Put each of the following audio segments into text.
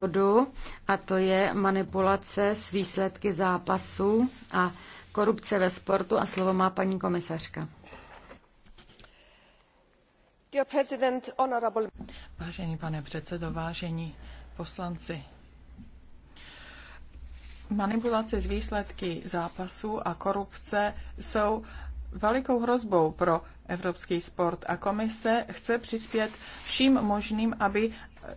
bodu, a to je manipulace s výsledky zápasů a korupce ve sportu. A slovo má paní komisařka. Vážený pane předsedo, vážení poslanci, manipulace s výsledky zápasů a korupce jsou velikou hrozbou pro evropský sport a komise chce přispět vším možným, aby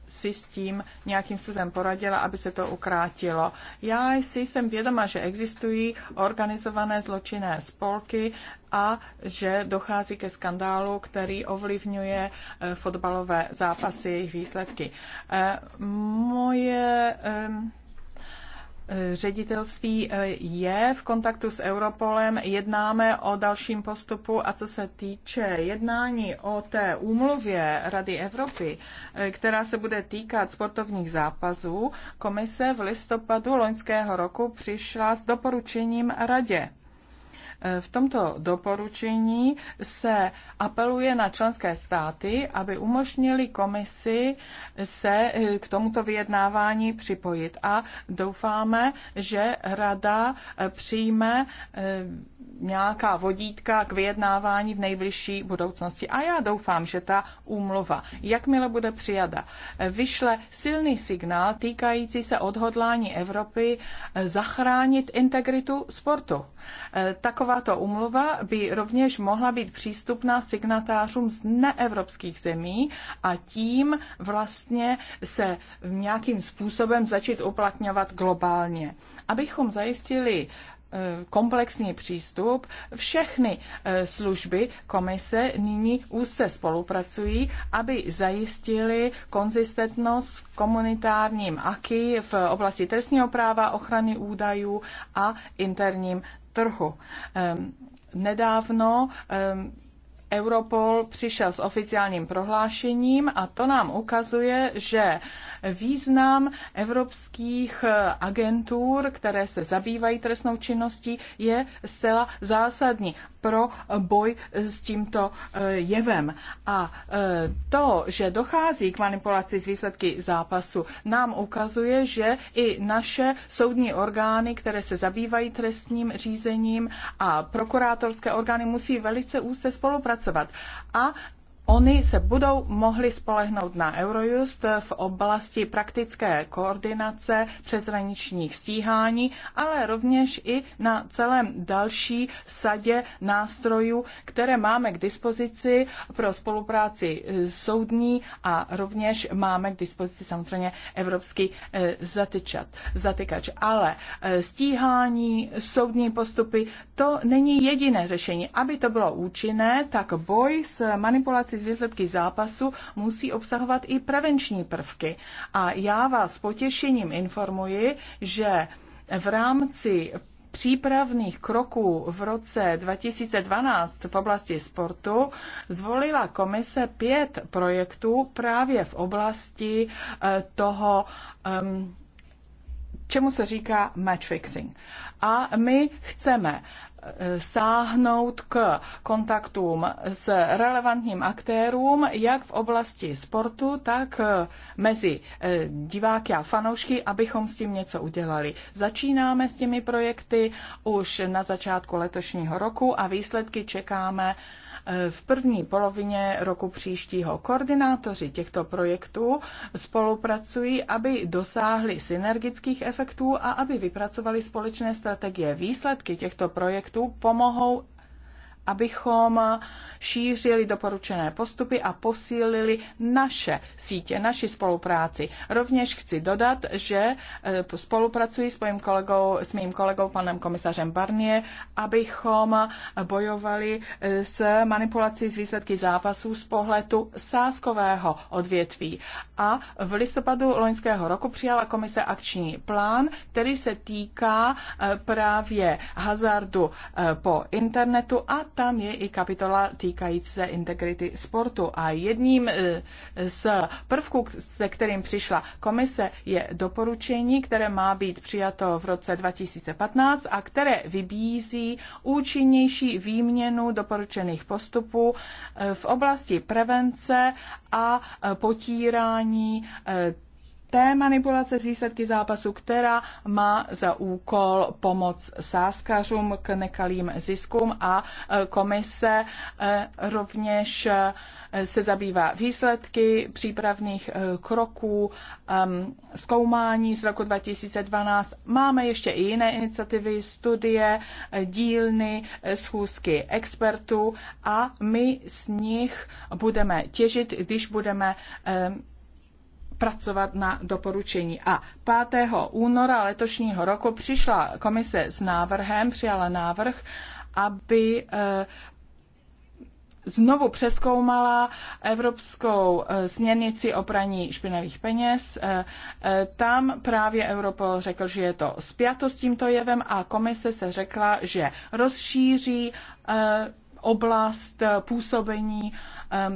si s tím nějakým způsobem poradila, aby se to ukrátilo. Já si jsem vědoma, že existují organizované zločinné spolky a že dochází ke skandálu, který ovlivňuje eh, fotbalové zápasy, jejich výsledky. Eh, moje Eh, ředitelství eh, je v kontaktu s Europolem, jednáme o dalším postupu a co se týče jednání o té úmluvě Rady Evropy, eh, která se bude týkat sportovních zápasů, komise v listopadu loňského roku přišla s doporučením radě v tomto doporučení se apeluje na členské státy, aby umožnili komisi se eh, k tomuto vyjednávání připojit a doufáme, že rada eh, přijme eh, nějaká vodítka k vyjednávání v nejbližší budoucnosti. A já doufám, že ta úmluva, jakmile bude přijada, vyšle silný signál týkající se odhodlání Evropy eh, zachránit integritu sportu. Eh, takováto úmluva by rovněž mohla být přístupná signatářům z neevropských zemí a tím vlastně se nějakým způsobem začít uplatňovat globálně. Abychom zajistili Eh, komplexní přístup. Všechny eh, služby komise nyní úzce spolupracují, aby zajistili konzistentnost s komunitárním AKI v oblasti trestního práva, ochrany údajů a interním trhu. Nedávno Europol přišel s oficiálním prohlášením a to nám ukazuje, že význam evropských eh, agentur, které se zabývají trestnou činností, je zcela zásadní pro boj s tímto eh, jevem. A eh, to, že dochází k manipulaci z výsledky zápasu, nám ukazuje, že i naše soudní orgány, které se zabývají trestním řízením a prokurátorské orgány musí velice úzce spolupracovat pracovat. A Oni se budou mohli spolehnout na Eurojust v oblasti praktické koordinace přeshraničních stíhání, ale rovněž i na celém další sadě nástrojů, které máme k dispozici pro spolupráci soudní a rovněž máme k dispozici samozřejmě evropský eh, zatyčat, zatykač. Ale eh, stíhání, soudní postupy, to není jediné řešení. Aby to bylo účinné, tak boj s manipulací z výsledky zápasu, musí obsahovat i prevenční prvky. A já vás potěšením informuji, že v rámci přípravných kroků v roce 2012 v oblasti sportu zvolila komise pět projektů právě v oblasti eh, toho um, čemu se říká match fixing. A my chceme eh, sáhnout k kontaktům s relevantním aktérům, jak v oblasti sportu, tak eh, mezi eh, diváky a fanoušky, abychom s tím něco udělali. Začínáme s těmi projekty už na začátku letošního roku a výsledky čekáme v první polovině roku příštího koordinátoři těchto projektů spolupracují, aby dosáhli synergických efektů a aby vypracovali společné strategie. Výsledky těchto projektů pomohou abychom šířili doporučené postupy a posílili naše sítě, naši spolupráci. Rovněž chci dodat, že eh, spolupracuji s mým kolegou, s mým kolegou panem komisařem Barnier, abychom bojovali eh, s manipulací z výsledky zápasů z pohledu sáskového odvětví. A v listopadu loňského roku přijala komise akční plán, který se týká eh, právě hazardu po internetu a tam je i kapitola týkající se integrity sportu. A jedním e, z prvků, se kterým přišla komise, je doporučení, které má být přijato v roce 2015 a které vybízí účinnější výměnu doporučených postupů e, v oblasti prevence a e, potírání té manipulace s výsledky zápasu, která má za úkol pomoc sáskařům k nekalým ziskům a e, komise e, rovněž e, se zabývá výsledky přípravných kroků zkoumání z roku 2012. Máme ještě i jiné iniciativy, studie, dílny, schůzky expertů a my z nich budeme těžit, když budeme pracovat na doporučení. A 5. února letošního roku přišla komise s návrhem, přijala návrh, aby eh, znovu přeskoumala evropskou eh, směrnici o praní špinavých peněz. Eh, tam právě Europol řekl, že je to spjato s tímto jevem a komise se řekla, že rozšíří oblast působení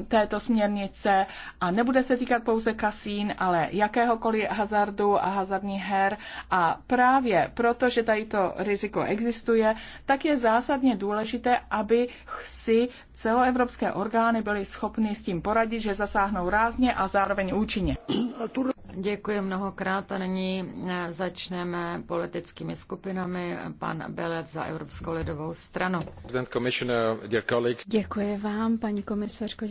této směrnice a nebude se týkat pouze kasín, ale jakéhokoliv hazardu a hazardní her. A právě proto, že tady to riziko existuje, tak je zásadně důležité, aby si celoevropské orgány byly schopny s tím poradit, že zasáhnou rázně a zároveň účinně. Děkuji mnohokrát a nyní eh, začneme politickými skupinami. Pan Belec za Evropskou lidovou stranu. Děkuji vám, paní komisařko,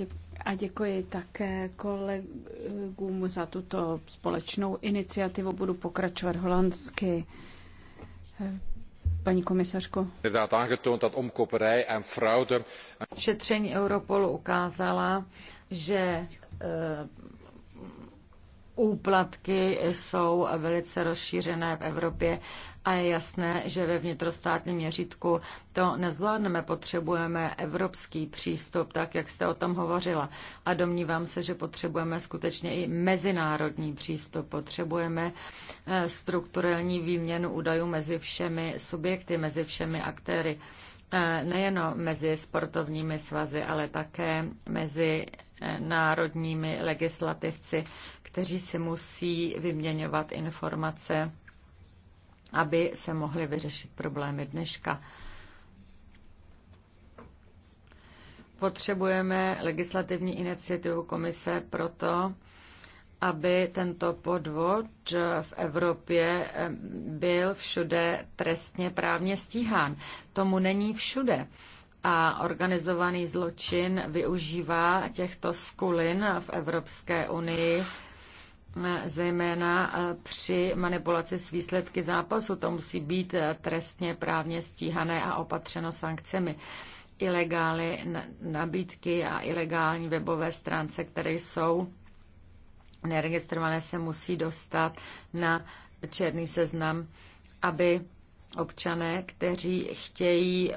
a děkuji také kolegům za tuto společnou iniciativu. Budu pokračovat holandsky. Eh, paní komisařko. Šetření Europolu ukázala, že eh, Úplatky jsou velice rozšířené v Evropě a je jasné, že ve vnitrostátním měřítku to nezvládneme. Potřebujeme evropský přístup, tak jak jste o tom hovořila. A domnívám se, že potřebujeme skutečně i mezinárodní přístup. Potřebujeme eh, strukturální výměnu údajů mezi všemi subjekty, mezi všemi aktéry. Eh, Nejenom mezi sportovními svazy, ale také mezi eh, národními legislativci, kteří si musí vyměňovat informace, aby se mohly vyřešit problémy dneška. Potřebujeme legislativní iniciativu komise proto, aby tento podvod v Evropě eh, byl všude trestně právně stíhán. Tomu není všude. A organizovaný zločin využívá těchto skulin v Evropské unii Eh, zejména eh, při manipulaci s výsledky zápasu. To musí být eh, trestně právně stíhané a opatřeno sankcemi. Ilegály nabídky a ilegální webové stránce, které jsou neregistrované, se musí dostat na černý seznam, aby občané, kteří chtějí eh, eh,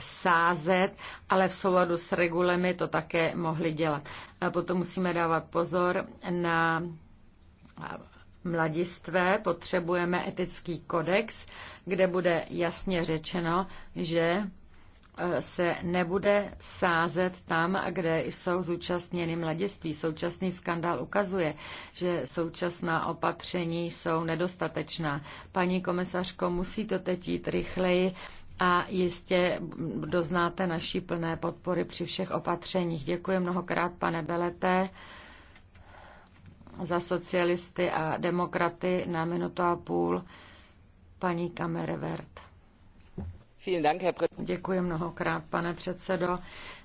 sázet, ale v souladu s regulemi to také mohli dělat. A potom musíme dávat pozor na mladistvé. Potřebujeme etický kodex, kde bude jasně řečeno, že se nebude sázet tam, kde jsou zúčastněny mladiství. Současný skandál ukazuje, že současná opatření jsou nedostatečná. Paní komisařko, musí to teď jít rychleji a jistě doznáte naší plné podpory při všech opatřeních. Děkuji mnohokrát, pane Belete za socialisty a demokraty na minutu a půl paní Kamerevert. Děkuji mnohokrát, pane předsedo,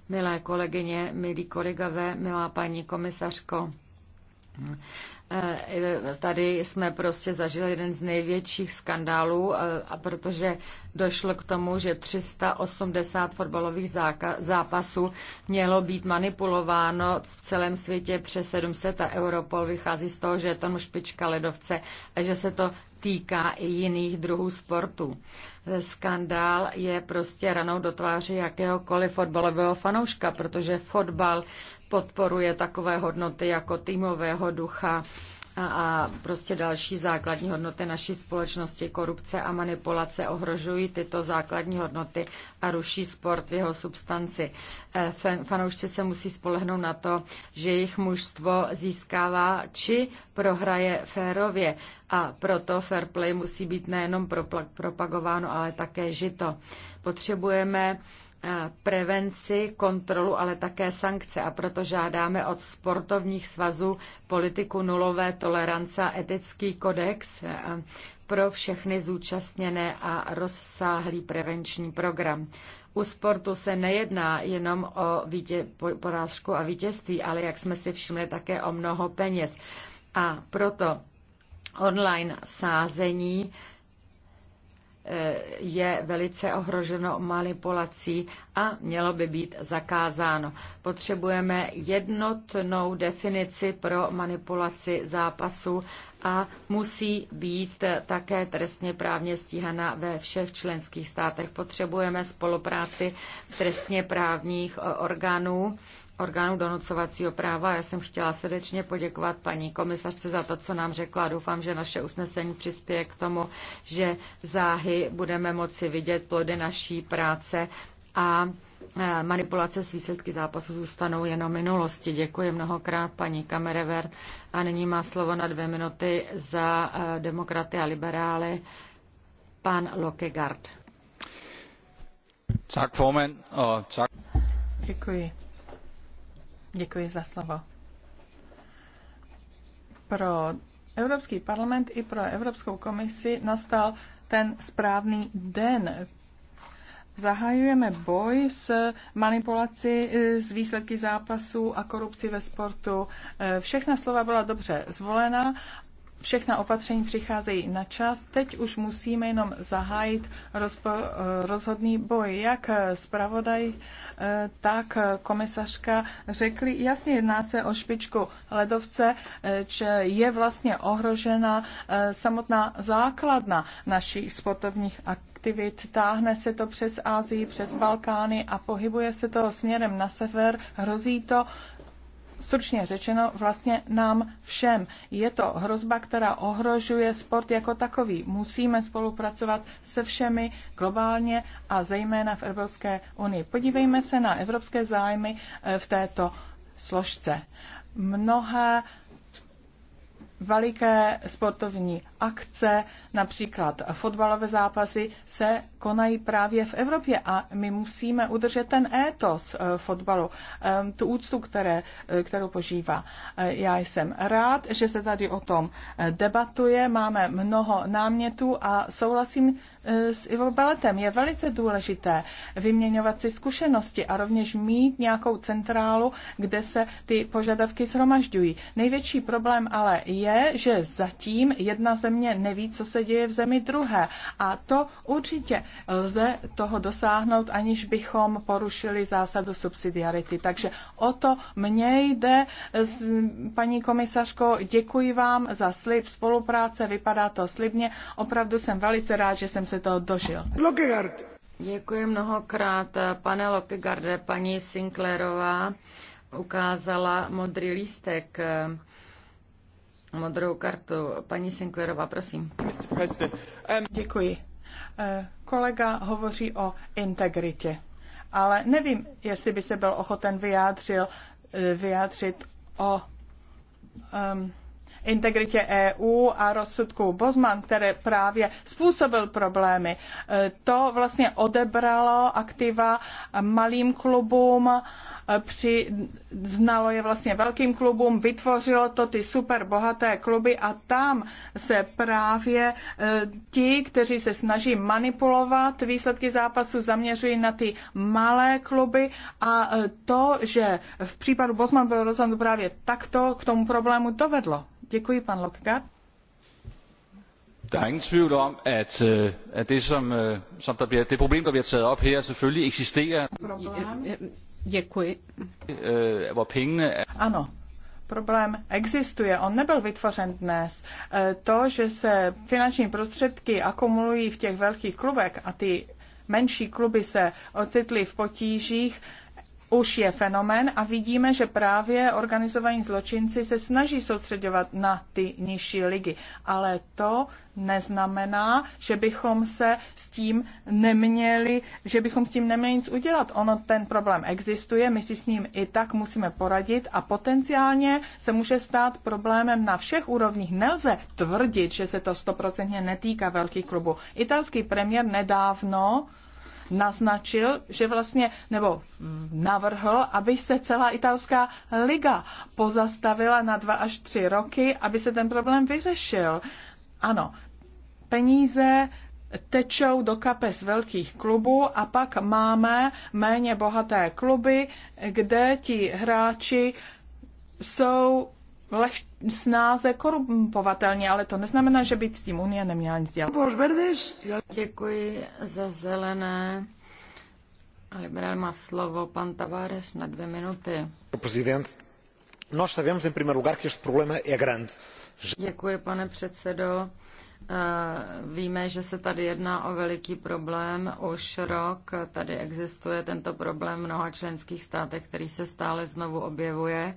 milé kolegyně, milí kolegové, milá paní komisařko. Eh, tady jsme prostě zažili jeden z největších skandálů, eh, a protože došlo k tomu, že 380 fotbalových zápasů mělo být manipulováno v celém světě přes 700 a Europol vychází z toho, že je tam špička ledovce a že se to týká i jiných druhů sportů skandál je prostě ranou do tváře jakéhokoliv fotbalového fanouška, protože fotbal podporuje takové hodnoty jako týmového ducha, a prostě další základní hodnoty naší společnosti. Korupce a manipulace ohrožují tyto základní hodnoty a ruší sport v jeho substanci. Eh, fanoušci se musí spolehnout na to, že jejich mužstvo získává či prohraje férově a proto fair play musí být nejenom propagováno, ale také žito. Potřebujeme Eh, prevenci, kontrolu, ale také sankce. A proto žádáme od sportovních svazů politiku nulové tolerance a etický kodex eh, pro všechny zúčastněné a rozsáhlý prevenční program. U sportu se nejedná jenom o vítě, porážku a vítězství, ale jak jsme si všimli, také o mnoho peněz. A proto online sázení Eh, je velice ohroženo manipulací a mělo by být zakázáno. Potřebujeme jednotnou definici pro manipulaci zápasu a musí být také trestně právně stíhana ve všech členských státech. Potřebujeme spolupráci trestně právních eh, orgánů orgánů donocovacího práva. Já jsem chtěla srdečně poděkovat paní komisařce za to, co nám řekla. Doufám, že naše usnesení přispěje k tomu, že záhy budeme moci vidět plody naší práce a e, manipulace s výsledky zápasu zůstanou jenom minulosti. Děkuji mnohokrát paní Kamerever a nyní má slovo na dvě minuty za e, demokraty a liberály pan Lokegard. Tak, formen, tak. Děkuji. Děkuji za slovo. Pro Evropský parlament i pro Evropskou komisi nastal ten správný den. Zahajujeme boj s manipulací s výsledky zápasů a korupci ve sportu. Všechna slova byla dobře zvolena Všechna opatření přicházejí na čas. Teď už musíme jenom zahájit rozpo, rozhodný boj. Jak zpravodaj, eh, tak komisařka řekli, jasně jedná se o špičku ledovce, eh, že je vlastně ohrožena eh, samotná základna našich sportovních aktivit. Táhne se to přes Ázii, přes Balkány a pohybuje se to směrem na sever. Hrozí to stručně řečeno vlastně nám všem. Je to hrozba, která ohrožuje sport jako takový. Musíme spolupracovat se všemi globálně a zejména v Evropské unii. Podívejme se na evropské zájmy eh, v této složce. Mnohé veliké sportovní akce, například fotbalové zápasy, se konají právě v Evropě a my musíme udržet ten étos eh, fotbalu, eh, tu úctu, které, eh, kterou požívá. Já jsem rád, že se tady o tom debatuje, máme mnoho námětů a souhlasím s Ivo Beletem. Je velice důležité vyměňovat si zkušenosti a rovněž mít nějakou centrálu, kde se ty požadavky shromažďují. Největší problém ale je, že zatím jedna země neví, co se děje v zemi druhé. A to určitě lze toho dosáhnout, aniž bychom porušili zásadu subsidiarity. Takže o to mně jde. Paní komisařko, děkuji vám za slib spolupráce, vypadá to slibně. Opravdu jsem velice rád, že jsem se toho dožil. Lockegard. Děkuji mnohokrát, pane Lokegarde, paní Sinclairová ukázala modrý lístek modrou kartu. Paní Sinclairová, prosím. Um, děkuji. Eh, kolega hovoří o integritě, ale nevím, jestli by se byl ochoten vyjádřil, eh, vyjádřit o um, integritě EU a rozsudku Bozman, které právě způsobil problémy, e, to vlastně odebralo aktiva malým klubům, e, při, znalo je vlastně velkým klubům, vytvořilo to ty super bohaté kluby a tam se právě e, ti, kteří se snaží manipulovat výsledky zápasu, zaměřují na ty malé kluby a to, že v případu Bosman byl rozhodnut právě takto, k tomu problému dovedlo. Děkuji, pan Lokka. Der er ingen tvivl om, at, øh, at det, som, øh, som der bliver, det problem, der bliver taget op her, selvfølgelig eksisterer. Děkuji. Øh, hvor pengene er... Ano, problém existuje, on nebyl vytvořen dnes. E, to, že se finanční prostředky akumulují v těch velkých klubech a ty menší kluby se ocitly v potížích, už je fenomén a vidíme, že právě organizovaní zločinci se snaží soustředovat na ty nižší ligy. Ale to neznamená, že bychom se s tím neměli, že bychom s tím neměli nic udělat. Ono ten problém existuje, my si s ním i tak musíme poradit a potenciálně se může stát problémem na všech úrovních. Nelze tvrdit, že se to stoprocentně netýká velkých klubů. Italský premiér nedávno naznačil, že vlastně, nebo navrhl, aby se celá italská liga pozastavila na dva až tři roky, aby se ten problém vyřešil. Ano, peníze tečou do kapes velkých klubů a pak máme méně bohaté kluby, kde ti hráči jsou leh, snáze korumpovatelně, ale to neznamená, že by s tím Unie neměla nic dělat. Děkuji za zelené. A Liberál má slovo pan Tavares na dvě minuty. Prezident, nós sabemos em primeiro lugar que este problema é grande. Děkuji, pane předsedo. Eh, víme, že se tady jedná o veliký problém. Už rok tady existuje tento problém v mnoha členských státech, který se stále znovu objevuje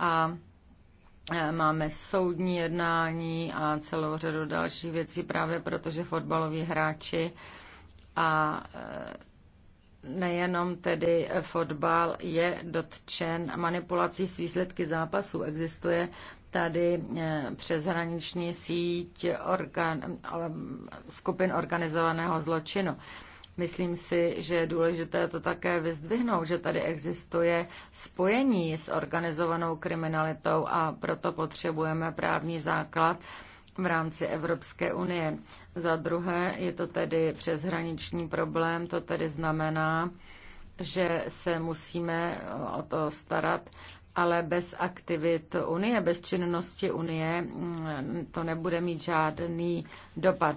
a e, máme soudní jednání a celou řadu dalších věcí právě protože fotbaloví hráči a e, nejenom tedy fotbal je dotčen manipulací s výsledky zápasů. Existuje tady e, přeshraniční síť organ, skupin organizovaného zločinu. Myslím si, že je důležité to také vyzdvihnout, že tady existuje spojení s organizovanou kriminalitou a proto potřebujeme právní základ v rámci Evropské unie. Za druhé je to tedy přeshraniční problém, to tedy znamená, že se musíme o to starat, ale bez aktivit Unie, bez činnosti Unie mm, to nebude mít žádný dopad.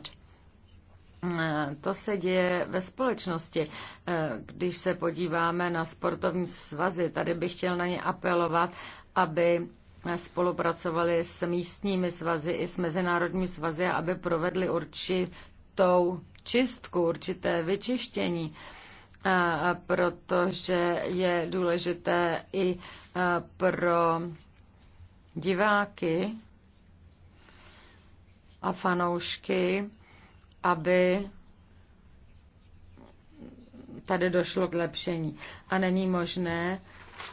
Eh, to se děje ve společnosti. Eh, když se podíváme na sportovní svazy, tady bych chtěl na ně apelovat, aby spolupracovali s místními svazy i s mezinárodními svazy, aby provedli určitou čistku, určité vyčištění, eh, protože je důležité i pro diváky a fanoušky, aby tady došlo k lepšení. A není možné,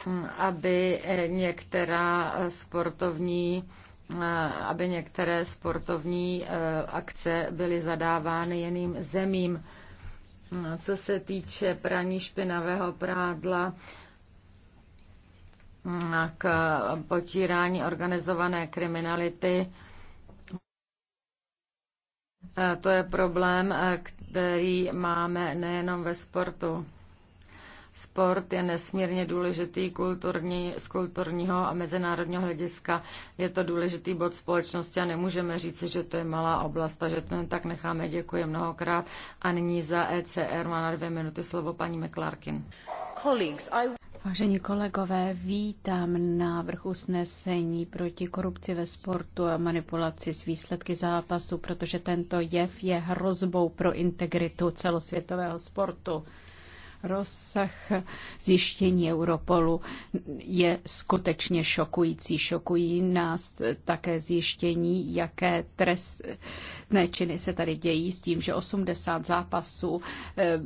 hm, aby některá sportovní hm, aby některé sportovní eh, akce byly zadávány jiným zemím. Hm, co se týče praní špinavého prádla, k potírání organizované kriminality, to je problém, který máme nejenom ve sportu. Sport je nesmírně důležitý kulturní, z kulturního a mezinárodního hlediska. Je to důležitý bod společnosti a nemůžeme říct, že to je malá oblast a že to jen tak necháme. Děkuji mnohokrát. A nyní za ECR má na dvě minuty slovo paní McClarkin. Colleagues, I... Vážení kolegové, vítám návrh usnesení proti korupci ve sportu a manipulaci s výsledky zápasu, protože tento jev je hrozbou pro integritu celosvětového sportu. Rozsah zjištění Europolu je skutečně šokující. Šokují nás také zjištění, jaké trest, trestné činy se tady dějí s tím, že 80 zápasů eh,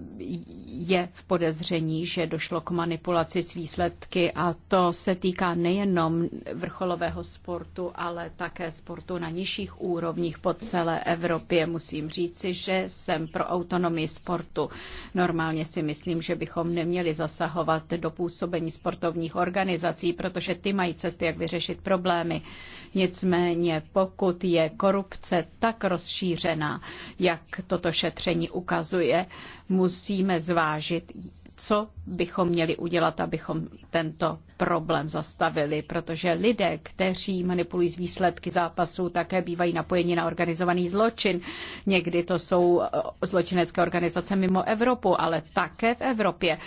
je v podezření, že došlo k manipulaci s výsledky a to se týká nejenom vrcholového sportu, ale také sportu na nižších úrovních po celé Evropě. Musím říci, že jsem pro autonomii sportu. Normálně si myslím, že bychom neměli zasahovat do působení sportovních organizací, protože ty mají cesty, jak vyřešit problémy. Nicméně, pokud je korupce tak rozšířená, rozšířena, Jak toto šetření ukazuje, musíme zvážit, co bychom měli udělat, abychom tento problém zastavili, protože lidé, kteří manipulují z výsledky zápasů, také bývají napojeni na organizovaný zločin. Někdy to jsou eh, zločinecké organizace mimo Evropu, ale také v Evropě.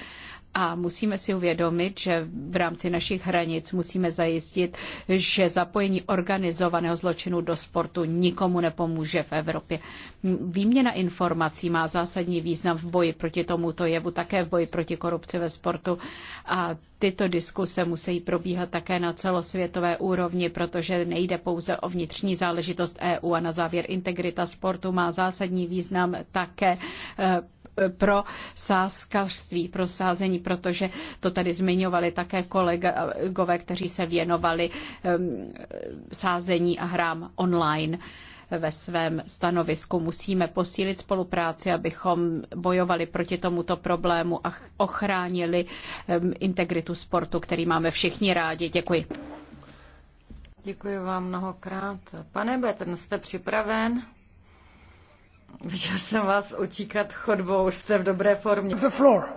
A musíme si uvědomit, že v rámci našich hranic musíme zajistit, že zapojení organizovaného zločinu do sportu nikomu nepomůže v Evropě. Výměna informací má zásadní význam v boji proti tomuto jevu, také v boji proti korupci ve sportu. A tyto diskuse musí probíhat také na celosvětové úrovni, protože nejde pouze o vnitřní záležitost EU. A na závěr integrita sportu má zásadní význam také eh, pro sázkařství, pro sázení, protože to tady zmiňovali také kolegové, kteří se věnovali sázení a hrám online ve svém stanovisku. Musíme posílit spolupráci, abychom bojovali proti tomuto problému a ochránili integritu sportu, který máme všichni rádi. Děkuji. Děkuji vám mnohokrát. Pane Betten, jste připraven? Viděl jsem vás utíkat chodbou, jste v dobré formě. The floor.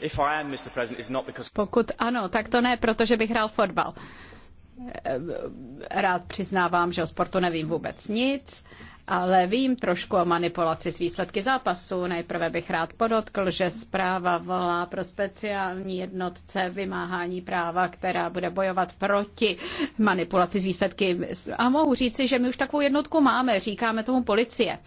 If I am, Mr. President, it's not because... Pokud ano, tak to ne, protože bych hrál fotbal. Eh, rád přiznávám, že o sportu nevím vůbec nic, ale vím trošku o manipulaci s výsledky zápasu. Nejprve bych rád podotkl, že zpráva volá pro speciální jednotce vymáhání práva, která bude bojovat proti manipulaci s výsledky. A mohu říci, že my už takovou jednotku máme, říkáme tomu policie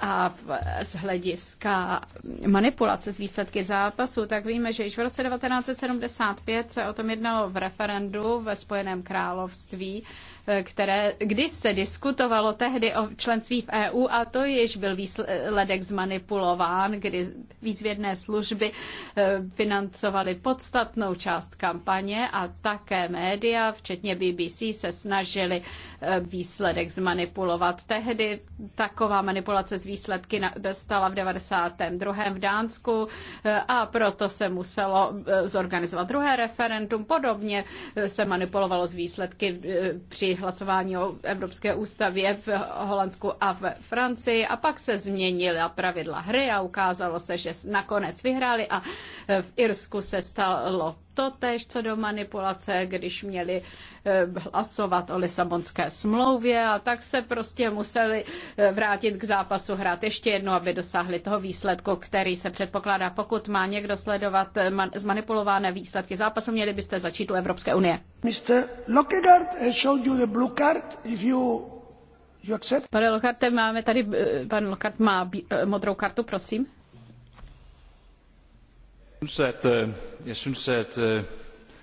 a z hlediska manipulace z výsledky zápasu, tak víme, že již v roce 1975 se o tom jednalo v referendu ve Spojeném království které, kdy se diskutovalo tehdy o členství v EU a to již byl výsledek zmanipulován, kdy výzvědné služby eh, financovaly podstatnou část kampaně a také média, včetně BBC, se snažili eh, výsledek zmanipulovat. Tehdy taková manipulace z výsledky dostala v 92. v Dánsku eh, a proto se muselo zorganizovat druhé referendum. Podobně se manipulovalo z výsledky při hlasování o Evropské ústavě v Holandsku a v Francii a pak se změnila pravidla hry a ukázalo se, že nakonec vyhráli a v Irsku se stalo to tež, co do manipulace, když měli eh, hlasovat o Lisabonské smlouvě a tak se prostě museli eh, vrátit k zápasu hrát ještě jednou, aby dosáhli toho výsledku, který se předpokládá. Pokud má někdo sledovat eh, zmanipulované výsledky zápasu, měli byste začít u Evropské unie. Mr. Lockegaard showed you the blue card. If you You Pane Lokarte, máme tady, pan Lokart má modrou kartu, prosím. Øh, jeg synes, at øh,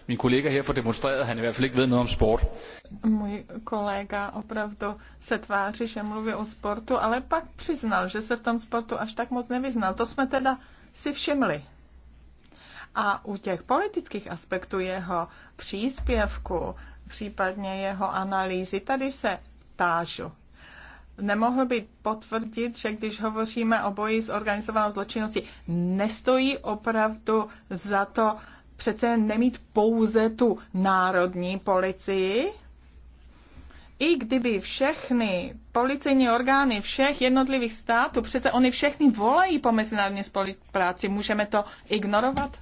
min kolega her får demonstreret, at han i hvert fald ikke ved noget om sport. Můj kolega opravdu se tváří, že mluví o sportu, ale pak přiznal, že se v tom sportu až tak moc nevyznal. To jsme teda si všimli. A u těch politických aspektů jeho příspěvku, případně jeho analýzy, tady se tážu nemohl by potvrdit, že když hovoříme o boji s organizovanou zločinností, nestojí opravdu za to přece nemít pouze tu národní policii? I kdyby všechny policejní orgány všech jednotlivých států, přece oni všechny volají po mezinárodní spolupráci, můžeme to ignorovat?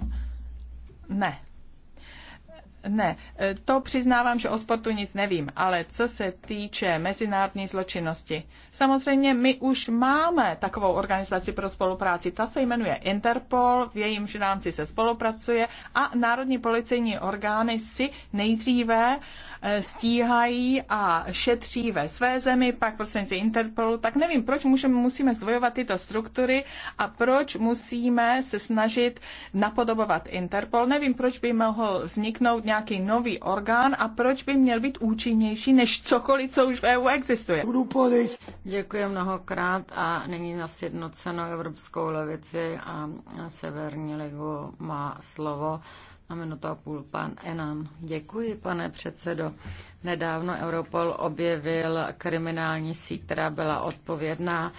Ne. Ne, e, to přiznávám, že o sportu nic nevím, ale co se týče mezinárodní zločinnosti, samozřejmě my už máme takovou organizaci pro spolupráci, ta se jmenuje Interpol, v jejímž rámci se spolupracuje a národní policejní orgány si nejdříve stíhají a šetří ve své zemi, pak prostřednictvím Interpolu, tak nevím, proč můžeme, musíme zdvojovat tyto struktury a proč musíme se snažit napodobovat Interpol. Nevím, proč by mohl vzniknout nějaký nový orgán a proč by měl být účinnější než cokoliv, co už v EU existuje. Děkuji mnohokrát a není na sjednocenou Evropskou levici a Severní ligu má slovo a a půl pan Enan. Děkuji, pane předsedo. Nedávno Europol objevil kriminální síť, která byla odpovědná,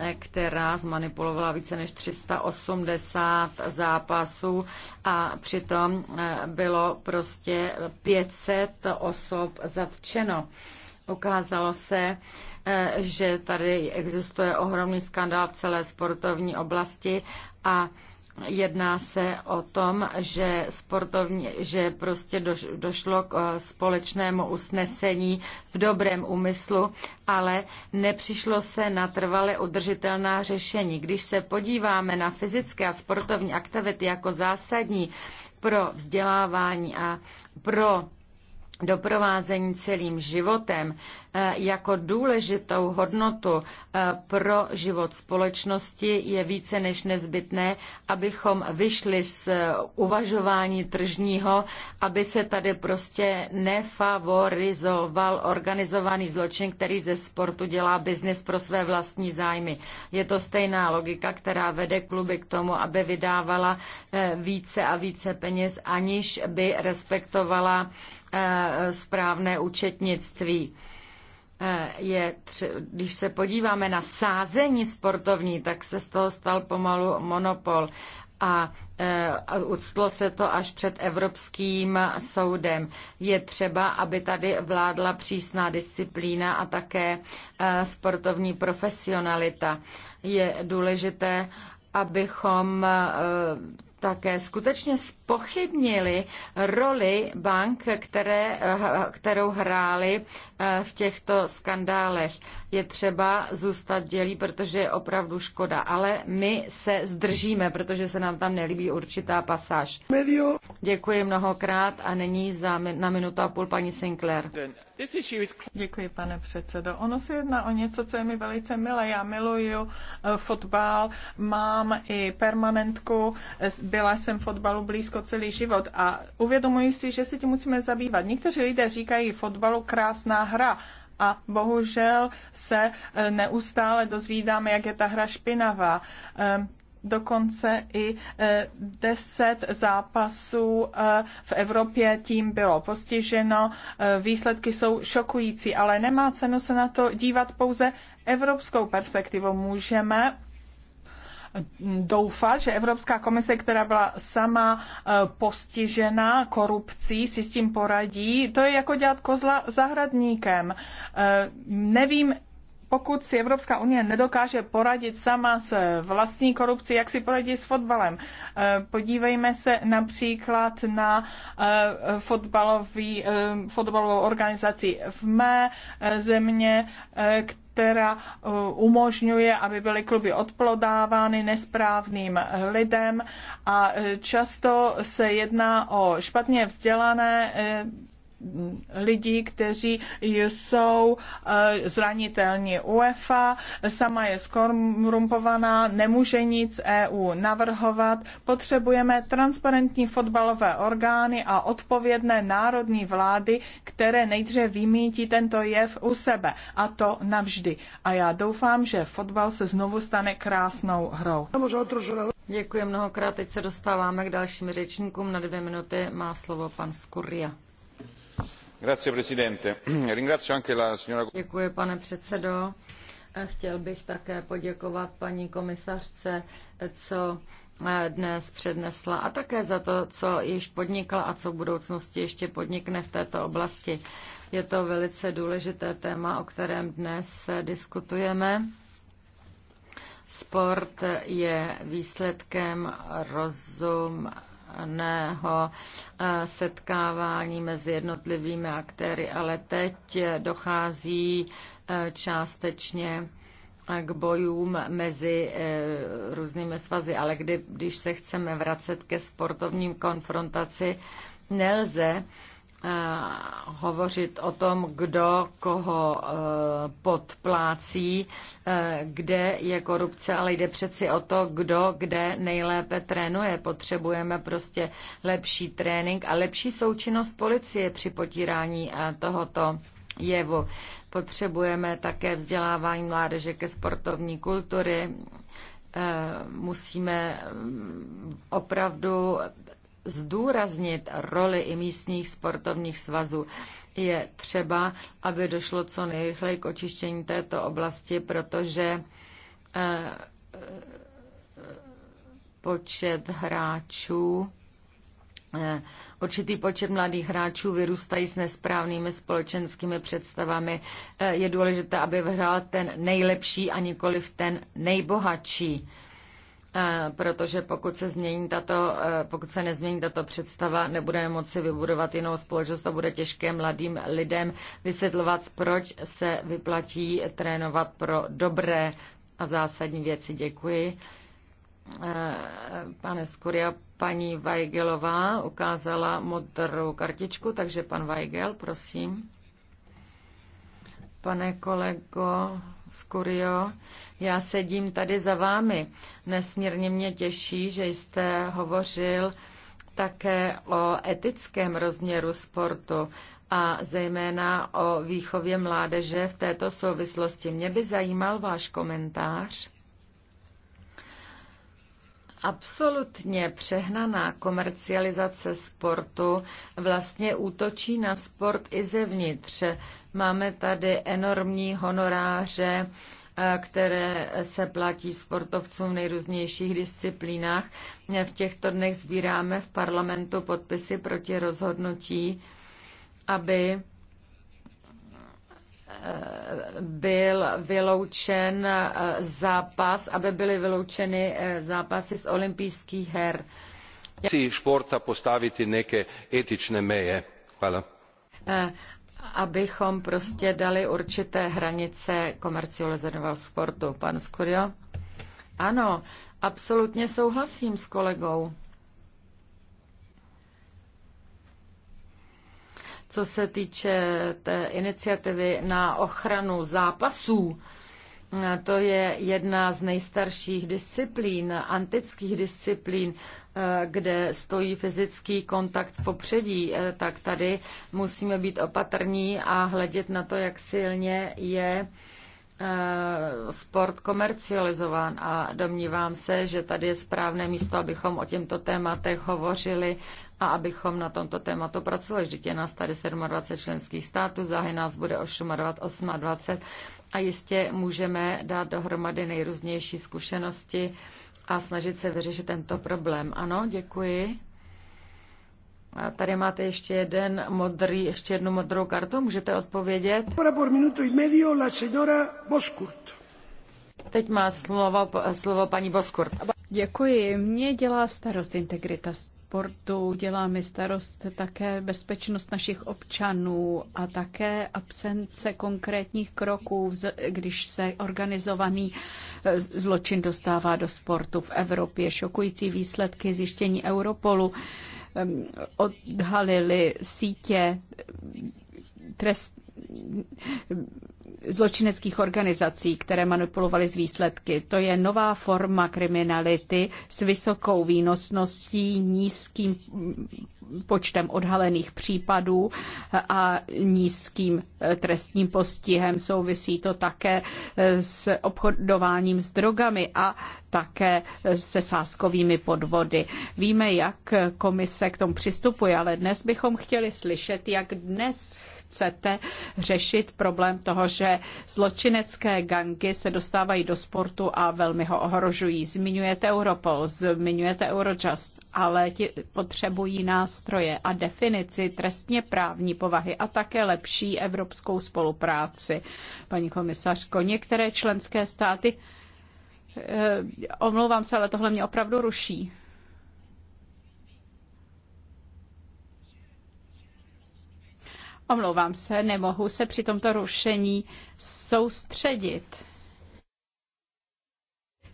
eh, která zmanipulovala více než 380 zápasů a přitom eh, bylo prostě 500 osob zatčeno. Ukázalo se, eh, že tady existuje ohromný skandál v celé sportovní oblasti a Jedná se o tom, že, sportovní, že prostě došlo k eh, společnému usnesení v dobrém úmyslu, ale nepřišlo se na trvale udržitelná řešení. Když se podíváme na fyzické a sportovní aktivity jako zásadní pro vzdělávání a pro doprovázení celým životem eh, jako důležitou hodnotu eh, pro život společnosti je více než nezbytné, abychom vyšli z eh, uvažování tržního, aby se tady prostě nefavorizoval organizovaný zločin, který ze sportu dělá biznis pro své vlastní zájmy. Je to stejná logika, která vede kluby k tomu, aby vydávala více a více peněz, aniž by respektovala Eh, správné účetnictví. Eh, je tři, když se podíváme na sázení sportovní, tak se z toho stal pomalu monopol eh, a uctlo se to až před Evropským soudem. Je třeba, aby tady vládla přísná disciplína a také sportovní profesionalita. Je důležité, abychom také skutečně spochybnili roli bank, které, eh, kterou hráli eh, v těchto skandálech. Je třeba zůstat dělí, protože je opravdu škoda, ale my se zdržíme, protože se nám tam nelíbí určitá pasáž. Děkuji mnohokrát a nyní za, na minutu a půl paní Sinclair. Den. Děkuji, pane předsedo. Ono se jedná o něco, co je mi velice milé. Já miluju eh, fotbal, mám i permanentku, byla jsem fotbalu blízko celý život a uvědomuji si, že se tím musíme zabývat. Někteří lidé říkají fotbalu krásná hra a bohužel se eh, neustále dozvídáme, jak je ta hra špinavá. Ehm, dokonce i eh, deset zápasů eh, v Evropě tím bylo postiženo. Eh, výsledky jsou šokující, ale nemá cenu se na to dívat pouze evropskou perspektivou. Můžeme doufat, že Evropská komise, která byla sama postižena korupcí, si s tím poradí. To je jako dělat kozla zahradníkem. Nevím, pokud si Evropská unie nedokáže poradit sama s vlastní korupcí, jak si poradí s fotbalem? Eh, podívejme se například na eh, fotbalový, eh, fotbalovou organizaci v mé země, která umožňuje, aby byly kluby odplodávány nesprávným lidem a často se jedná o špatně vzdělané lidí, kteří jsou eh, zranitelní. UEFA sama je skorumpovaná, nemůže nic EU navrhovat. Potřebujeme transparentní fotbalové orgány a odpovědné národní vlády, které nejdříve vymítí tento jev u sebe. A to navždy. A já doufám, že fotbal se znovu stane krásnou hrou. Děkuji mnohokrát. Teď se dostáváme k dalším řečníkům. Na dvě minuty má slovo pan Skurria. pane předsedající Chtěl bych také poděkovat paní komisařce, co eh, dnes přednesla a také za to, co již podnikla a co v budoucnosti ještě podnikne v této oblasti. Je to velice důležité téma, o kterém dnes diskutujeme. Sport je výsledkem rozumného žádného eh, setkávání mezi jednotlivými aktéry, ale teď dochází eh, částečně eh, k bojům mezi různými svazy. Ale kdy, když se chceme vracet ke sportovním konfrontaci, nelze Eh, hovořit o tom, kdo koho eh, podplácí, eh, kde je korupce, ale jde přeci o to, kdo kde nejlépe trénuje. Potřebujeme prostě lepší trénink a lepší součinnost policie při potírání tohoto jevu. Potřebujeme také vzdělávání mládeže ke sportovní kultury, musíme mm, opravdu zdůraznit roli i místních sportovních svazů. Je třeba, aby došlo co nejrychleji k očištění této oblasti, protože eh, eh, počet hráčů eh, určitý počet mladých hráčů vyrůstají s nesprávnými společenskými představami. Je důležité, aby vyhrál ten nejlepší a nikoli ten nejbohatší protože pokud se, změní tato, e, pokud se nezmění tato představa, nebudeme moci vybudovat jinou společnost a bude těžké mladým lidem vysvětlovat, proč se vyplatí trénovat pro dobré a zásadní věci. Děkuji. E, pane Skuria, paní Vajgelová ukázala modrou kartičku, takže pan Vajgel, prosím. Pane kolego, Skurio, já sedím tady za vámi. Nesmírně mě těší, že jste hovořil také o etickém rozměru sportu a zejména o výchově mládeže v této souvislosti. Mě by zajímal váš komentář Absolutně přehnaná komercializace sportu vlastně útočí na sport i zevnitř. Máme tady enormní honoráře, eh, které se platí sportovcům v nejrůznějších disciplínách. V těchto dnech sbíráme v parlamentu podpisy proti rozhodnutí, aby byl vyloučen eh, zápas, aby byly vyloučeny eh, zápasy z olympijských her. Si športa postaviti něké etičné meje. Hvala. Eh, abychom prostě dali určité hranice komercializovaného sportu. Pan Skurio? Ano, absolutně souhlasím s kolegou. Co se týče té iniciativy na ochranu zápasů, to je jedna z nejstarších disciplín, antických disciplín, eh, kde stojí fyzický kontakt v popředí, eh, tak tady musíme být opatrní a hledět na to, jak silně je Eh, sport komercializován a domnívám se, že tady je správné místo, abychom o těmto tématech hovořili a abychom na tomto tématu pracovali. Vždyť je nás tady 27 členských států, záhy nás bude 28 a jistě můžeme dát dohromady nejrůznější zkušenosti a snažit se vyřešit tento problém. Ano, děkuji. A tady máte ještě jeden modrý, ještě jednu modrou kartu, můžete odpovědět? Por minuto y medio la señora Boskurt. Teď má slovo, slovo paní Boskurt. Děkuji. mě dělá starost integrita sportu, dělá mi starost také bezpečnost našich občanů a také absence konkrétních kroků, když se organizovaný eh, zločin dostává do sportu v Evropě. Šokující výsledky zjištění Europolu odhalili sítě trest, zločineckých organizací, které manipulovaly z výsledky. To je nová forma kriminality s vysokou výnosností, nízkým počtem odhalených případů a nízkým eh, trestním postihem. Souvisí to také eh, s obchodováním s drogami a také eh, se sáskovými podvody. Víme, jak komise k tomu přistupuje, ale dnes bychom chtěli slyšet, jak dnes chcete řešit problém toho, že zločinecké gangy se dostávají do sportu a velmi ho ohrožují. Zmiňujete Europol, zmiňujete Eurojust, ale ti potřebují nástroje a definici trestně právní povahy a také lepší evropskou spolupráci. Paní komisařko, některé členské státy eh, Omlouvám se, ale tohle mě opravdu ruší. Omlouvám se, nemohu se při tomto rušení soustředit.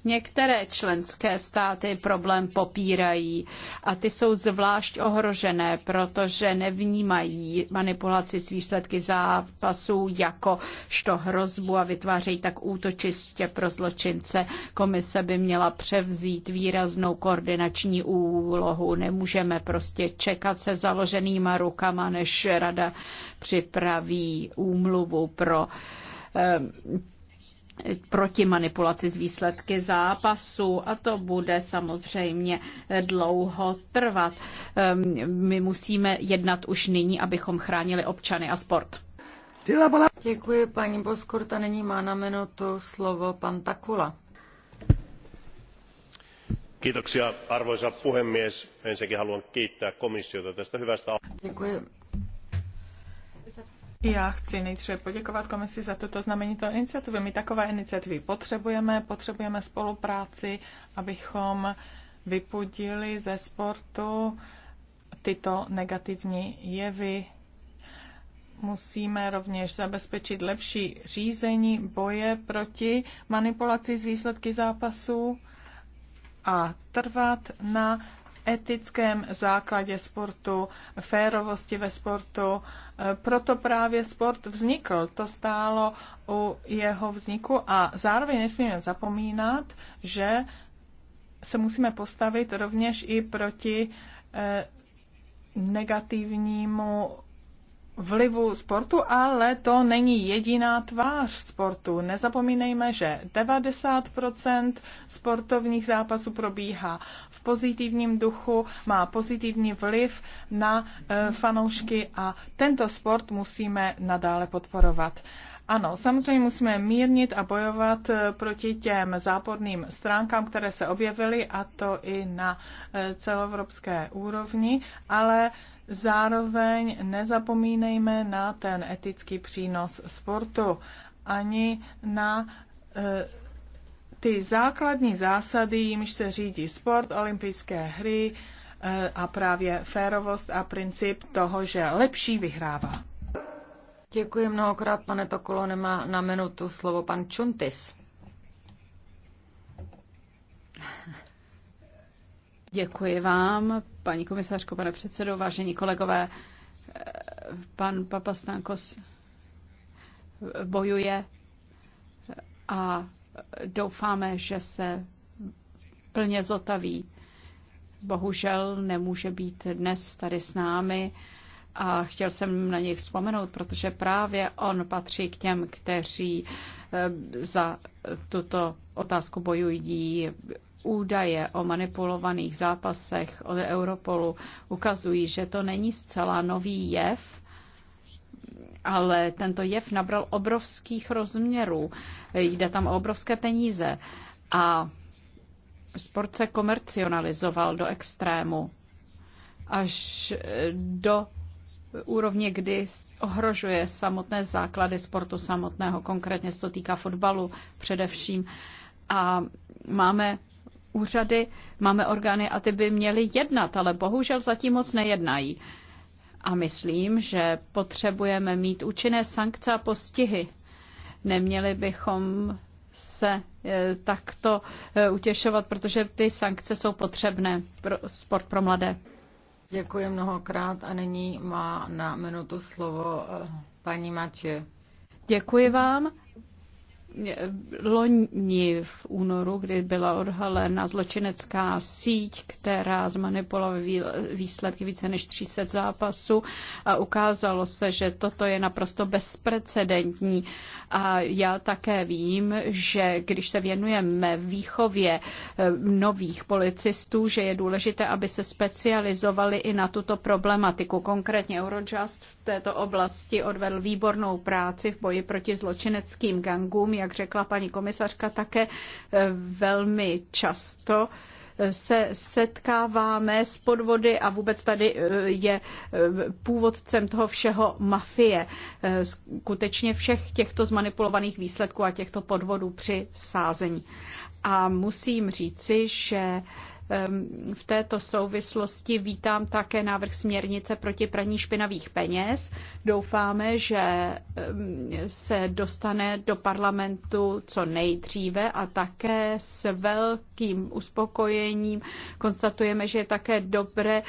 Některé členské státy problém popírají a ty jsou zvlášť ohrožené, protože nevnímají manipulaci s výsledky zápasů jako što hrozbu a vytvářejí tak útočiště pro zločince. Komise by měla převzít výraznou koordinační úlohu. Nemůžeme prostě čekat se založenýma rukama, než rada připraví úmluvu pro eh, proti manipulaci z výsledky zápasu a to bude samozřejmě dlouho trvat. Ehm, my musíme jednat už nyní, abychom chránili občany a sport. Děkuji, paní Boskorta. Nyní má na minutu slovo pan Takula. Kiitoksia, arvoisa puhemies. Ensinnäkin haluan kiittää komissiota tästä hyvästä... Děkuji, já chci nejdříve poděkovat komisi za tuto znamenitou iniciativu. My takové iniciativy potřebujeme, potřebujeme spolupráci, abychom vypudili ze sportu tyto negativní jevy. Musíme rovněž zabezpečit lepší řízení boje proti manipulaci z výsledky zápasů a trvat na etickém základě sportu, férovosti ve sportu. Proto právě sport vznikl. To stálo u jeho vzniku a zároveň nesmíme zapomínat, že se musíme postavit rovněž i proti eh, negativnímu vlivu sportu, ale to není jediná tvář sportu. Nezapomínejme, že 90% sportovních zápasů probíhá v pozitivním duchu, má pozitivní vliv na e, fanoušky a tento sport musíme nadále podporovat. Ano, samozřejmě musíme mírnit a bojovat e, proti těm záporným stránkám, které se objevily, a to i na e, celoevropské úrovni, ale zároveň nezapomínejme na ten etický přínos sportu ani na ty základní zásady, jimž se řídí sport, olympijské hry eh, a právě férovost a princip toho, že lepší vyhrává. Děkuji mnohokrát, pane Tokolo, nemá na minutu slovo pan Čuntis. Děkuji vám, paní komisařko, pane předsedo, vážení kolegové. Pan Papastankos bojuje a doufáme, že se plně zotaví. Bohužel nemůže být dnes tady s námi a chtěl jsem na něj vzpomenout, protože právě on patří k těm, kteří eh, za tuto otázku bojují. Údaje o manipulovaných zápasech od Europolu ukazují, že to není zcela nový jev, ale tento jev nabral obrovských rozměrů. Jde tam o obrovské peníze. A sport se komercionalizoval do extrému. Až do úrovně, kdy ohrožuje samotné základy sportu samotného, konkrétně se to týká fotbalu především. A máme úřady, máme orgány a ty by měly jednat, ale bohužel zatím moc nejednají. A myslím, že potřebujeme mít účinné sankce a postihy. Neměli bychom se eh, takto eh, utěšovat, protože ty sankce jsou potřebné pro sport pro mladé. Děkuji mnohokrát a nyní má na minutu slovo eh, paní Matě. Děkuji vám loni v únoru, kdy byla odhalena zločinecká síť, která zmanipulovala výsledky více než 300 zápasů a ukázalo se, že toto je naprosto bezprecedentní. A já také vím, že když se věnujeme výchově eh, nových policistů, že je důležité, aby se specializovali i na tuto problematiku. Konkrétně Eurojust v této oblasti odvedl výbornou práci v boji proti zločineckým gangům jak řekla paní komisařka, také eh, velmi často eh, se setkáváme s podvody a vůbec tady eh, je původcem toho všeho mafie. Skutečně všech těchto zmanipulovaných výsledků a těchto podvodů při sázení. A musím říci, že v této souvislosti vítám také návrh směrnice proti praní špinavých peněz. Doufáme, že se dostane do parlamentu co nejdříve a také s velkým uspokojením konstatujeme, že je také dobré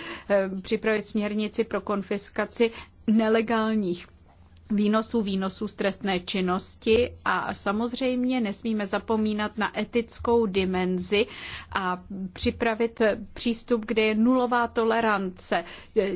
připravit směrnici pro konfiskaci nelegálních výnosů, výnosů z trestné činnosti a samozřejmě nesmíme zapomínat na etickou dimenzi a připravit přístup, kde je nulová tolerance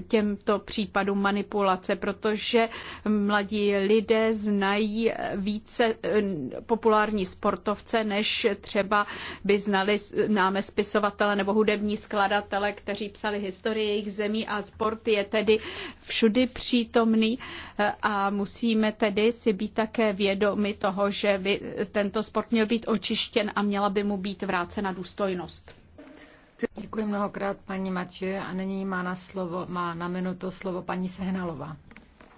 těmto případům manipulace, protože mladí lidé znají více eh, populární sportovce, než třeba by znali náme spisovatele nebo hudební skladatele, kteří psali historii jejich zemí a sport je tedy všudy přítomný eh, a musí Musíme tedy si být také vědomi toho, že by tento sport měl být očištěn a měla by mu být vrácena důstojnost. Děkuji mnohokrát paní Matě a nyní má na, slovo, má na minutu slovo paní Sehnalová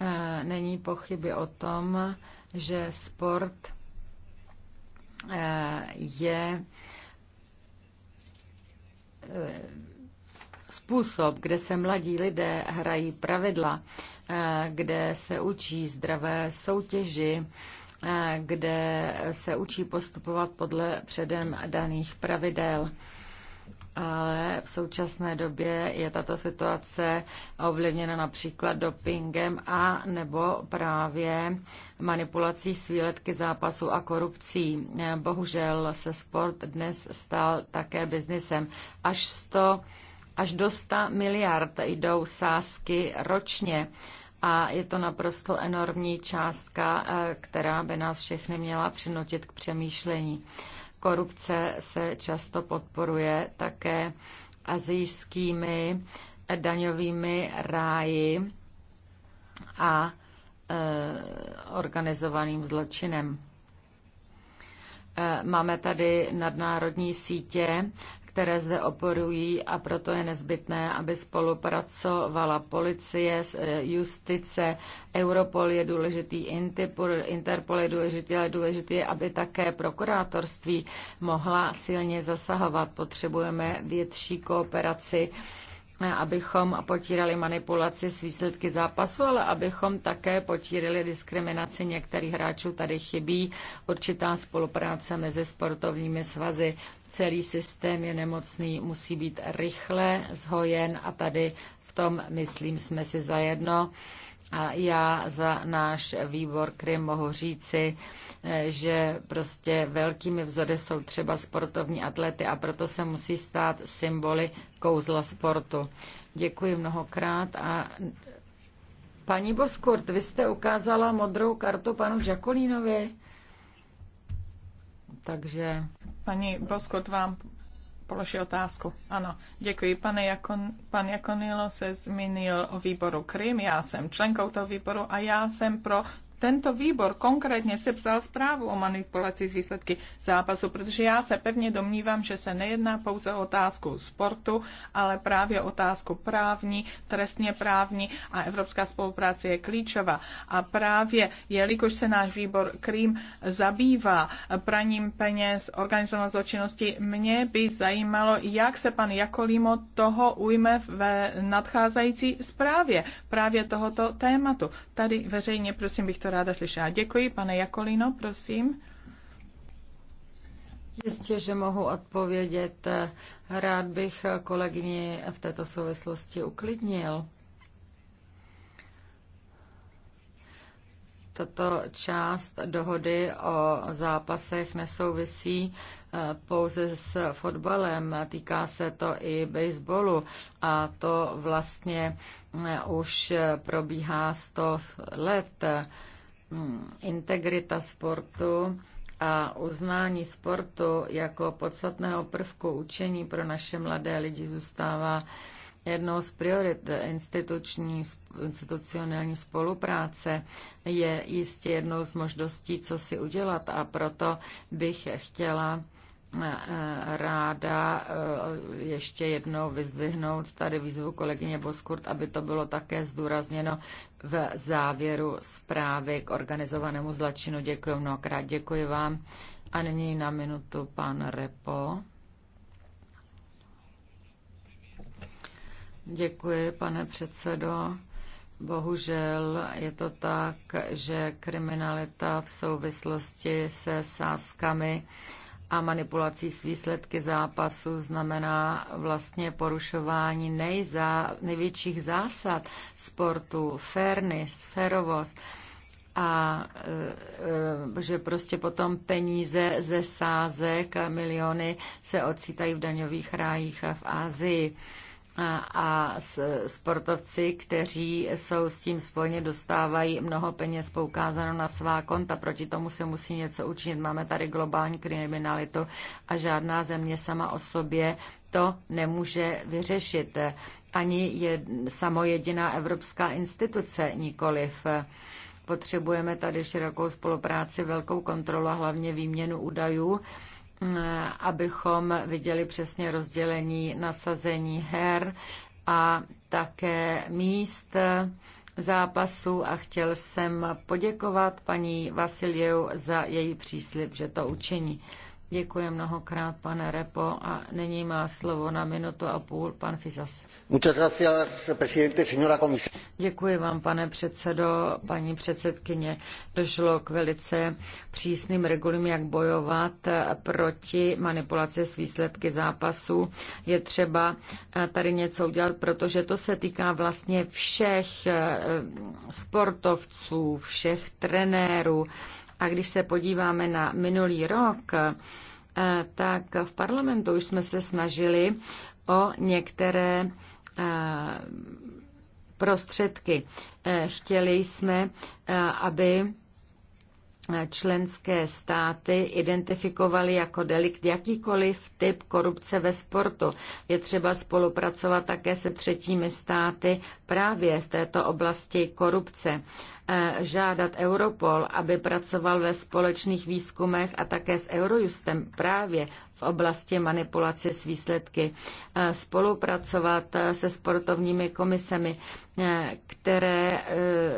E, není pochyby o tom, že sport e, je e, způsob, kde se mladí lidé hrají pravidla, kde se učí zdravé soutěži, kde se učí postupovat podle předem daných pravidel ale v současné době je tato situace ovlivněna například dopingem a nebo právě manipulací s výletky zápasu a korupcí. Bohužel se sport dnes stal také biznesem. Až 100 až do 100 miliard jdou sázky ročně a je to naprosto enormní částka, eh, která by nás všechny měla přinutit k přemýšlení. Korupce se často podporuje také azijskými daňovými ráji a e, organizovaným zločinem. E, máme tady nadnárodní sítě, které zde oporují a proto je nezbytné, aby spolupracovala policie, e, justice, Europol je důležitý, Interpol je důležitý, ale důležitý je, aby také prokurátorství mohla silně zasahovat. Potřebujeme větší kooperaci abychom potírali manipulaci s výsledky zápasu, ale abychom také potírali diskriminaci některých hráčů. Tady chybí určitá spolupráce mezi sportovními svazy. Celý systém je nemocný, musí být rychle zhojen a tady v tom, myslím, jsme si zajedno a já za náš výbor Krym mohu říci, eh, že prostě velkými vzory jsou třeba sportovní atlety a proto se musí stát symboly kouzla sportu. Děkuji mnohokrát a paní Boskurt, vy jste ukázala modrou kartu panu Žakolínovi. Takže... Paní Boskurt vám položí otázku. Ano, děkuji. Pane Jakon, pan Jakonilo se zmínil o výboru Krym, já jsem členkou toho výboru a já jsem pro tento výbor konkrétně psal zprávu o manipulaci s výsledky zápasu, protože já se pevně domnívám, že se nejedná pouze o otázku sportu, ale právě otázku právní, trestně právní a evropská spolupráce je klíčová. A právě, jelikož se náš výbor Krým zabývá praním peněz, organizovanou zločinnosti, mě by zajímalo, jak se pan Jakolimo toho ujme ve nadcházející zprávě právě tohoto tématu. Tady veřejně, prosím, bych to to ráda slyšela. Děkuji, pane Jakolino, prosím. Jistě, že mohu odpovědět. Rád bych kolegyni v této souvislosti uklidnil. Tato část dohody o zápasech nesouvisí eh, pouze s fotbalem, týká se to i baseballu a to vlastně eh, už eh, probíhá 100 let Hmm, integrita sportu a uznání sportu jako podstatného prvku učení pro naše mladé lidi zůstává jednou z priorit instituční, institucionální spolupráce je jistě jednou z možností, co si udělat a proto bych chtěla ráda eh, ještě jednou vyzdvihnout tady výzvu kolegyně Boskurt, aby to bylo také zdůrazněno v závěru zprávy k organizovanému zlačinu. Děkuji mnohokrát, děkuji vám. A nyní na minutu pan Repo. Děkuji, pane předsedo. Bohužel je to tak, že kriminalita v souvislosti se sázkami a manipulací s výsledky zápasu znamená vlastně porušování nejzá, největších zásad sportu, fairness, férovost a e, e, že prostě potom peníze ze sázek a miliony se ocitají v daňových rájích a v Ázii a sportovci, kteří jsou s tím spojně, dostávají mnoho peněz poukázáno na svá konta. Proti tomu se musí něco učinit. Máme tady globální kriminalitu a žádná země sama o sobě to nemůže vyřešit. Ani je samo jediná evropská instituce nikoliv. Potřebujeme tady širokou spolupráci, velkou kontrolu a hlavně výměnu údajů abychom viděli přesně rozdělení nasazení her a také míst zápasu a chtěl jsem poděkovat paní Vasiljev za její příslip, že to učiní. Děkuji mnohokrát, pane Repo, a nyní má slovo na minutu a půl pan Fizas. Děkuji vám, pane předsedo, paní předsedkyně. Došlo k velice přísným regulím, jak bojovat proti manipulaci s výsledky zápasů. Je třeba eh, tady něco udělat, protože to se týká vlastně všech eh, sportovců, všech trenérů, a když se podíváme na minulý rok, eh, tak v parlamentu už jsme se snažili o některé eh, prostředky. Eh, chtěli jsme, aby členské státy identifikovaly jako delikt jakýkoliv typ korupce ve sportu. Je třeba spolupracovat také se třetími státy právě v této oblasti korupce. Eh, žádat Europol, aby pracoval ve společných výzkumech a také s Eurojustem právě v oblasti manipulace s výsledky, eh, spolupracovat eh, se sportovními komisemi, které